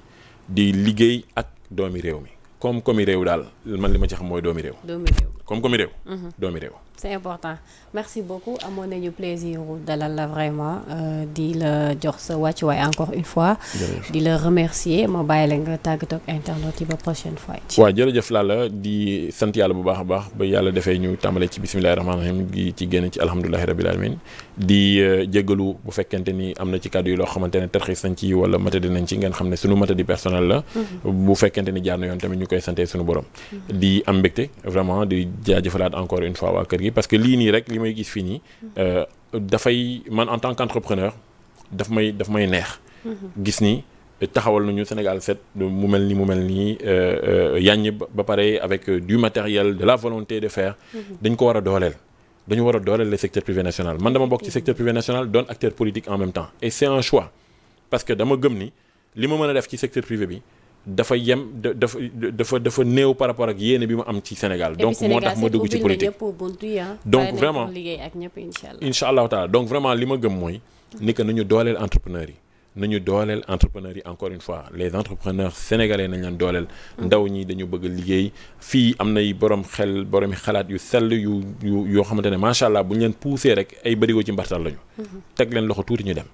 S2: di liggéey ak doomi réew mi koom-koomi réew daal man li ma ci xam mooy doomi réew koom-koomi réew mhm. doomi réew
S1: c'est important merci beaucoup amoon nañu plaisir dalal la vraiment euh, di la jox sa wàccuwaay encore une fois. di la remercier ma bàyyi la nga tàggatoo ak internet yi ba prochaine fois.
S2: waaw jërëjëf Lalla di sant yàlla bu baax a baax ba yàlla defee ñu tàmbalee ci bisimilah rahmaani rahiim di ci génn ci alhamdulilah euh, bu fekkente ni am na ci kàddu yi loo xamante ne tarxiis nañ ci wala matadi nañ ci ngeen xam ne sunu matadi personnel la. Mm-hmm. bu fekkente ni jaar na yoon tamit ñu koy sante sunu borom. Mm-hmm. di am mbégte vraiment di jaajëfalaat gi parce que lii nii rek li may gis fii nii euh, dafay man en tant qu'entrepreneur daf may daf may neex gis ni taxawal nañu Sénégal set mu mel ni mu mel nii euh, euh, yàññ ba pare avec du matériel de la volonté de faire dañ ko war a dooleel dañu war a dooleel le secteur privé national man dama bokk ci secteur privé national doon acteur politique en même temps et c'est un choix parce que dama gëm ni li ma mën a def ci secteur privé bi dafa yem dafa dafa dafa néew par rapport ak yéene bi ma am ci Sénégal donc moo tax ma dugg ci politique
S1: ah. donc vraiment
S2: incha allahu taala donc vraiment li ma gëm mooy nikk que nañu dooleel entrepreneur yi nañu dooleel entrepreneur yi encore une fois les entrepreneurs sénégalais nañ leen dooleel ndaw ñi dañu bëgg liggéey fii am nay borom xel boromi xalaat yu sell yu yu yoo xamante ne macha allah bu ñu leen poussé rek ay bërigo ci mbartal lañu mhm. teg leen loxo tuuti ñu dem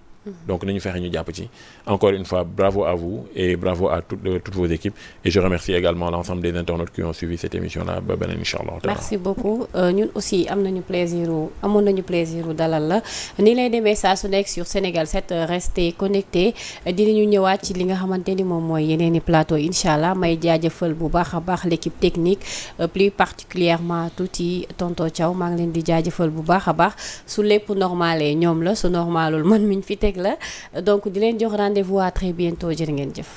S2: donc nañu fexe ñu jàpp ci encore une fois bravo à vous et bravo à toutes euh, toutes vos équipes et je remercie également l'ensemble des internautes qui ont suivi cette émission là ba beneen incha allah. merci
S1: beaucoup euh, ñun aussi am nañu plaisir amoon nañu plaisir dalal la ni lay demee saa su nekk sur Sénégal 7 restez connectés dinañu ñëwaat ci li nga xamante ni moom mooy yeneen i plateau incha allah may jaajëfal bu baax a baax l'équipe technique euh, plus particulièrement tuuti tonton Thiaw maa ngi leen di jaajëfal bu baax a baax su lépp normalé ñoom la teg la donc di leen jox rendez-vous à très bientôt jërë ngeen jëf.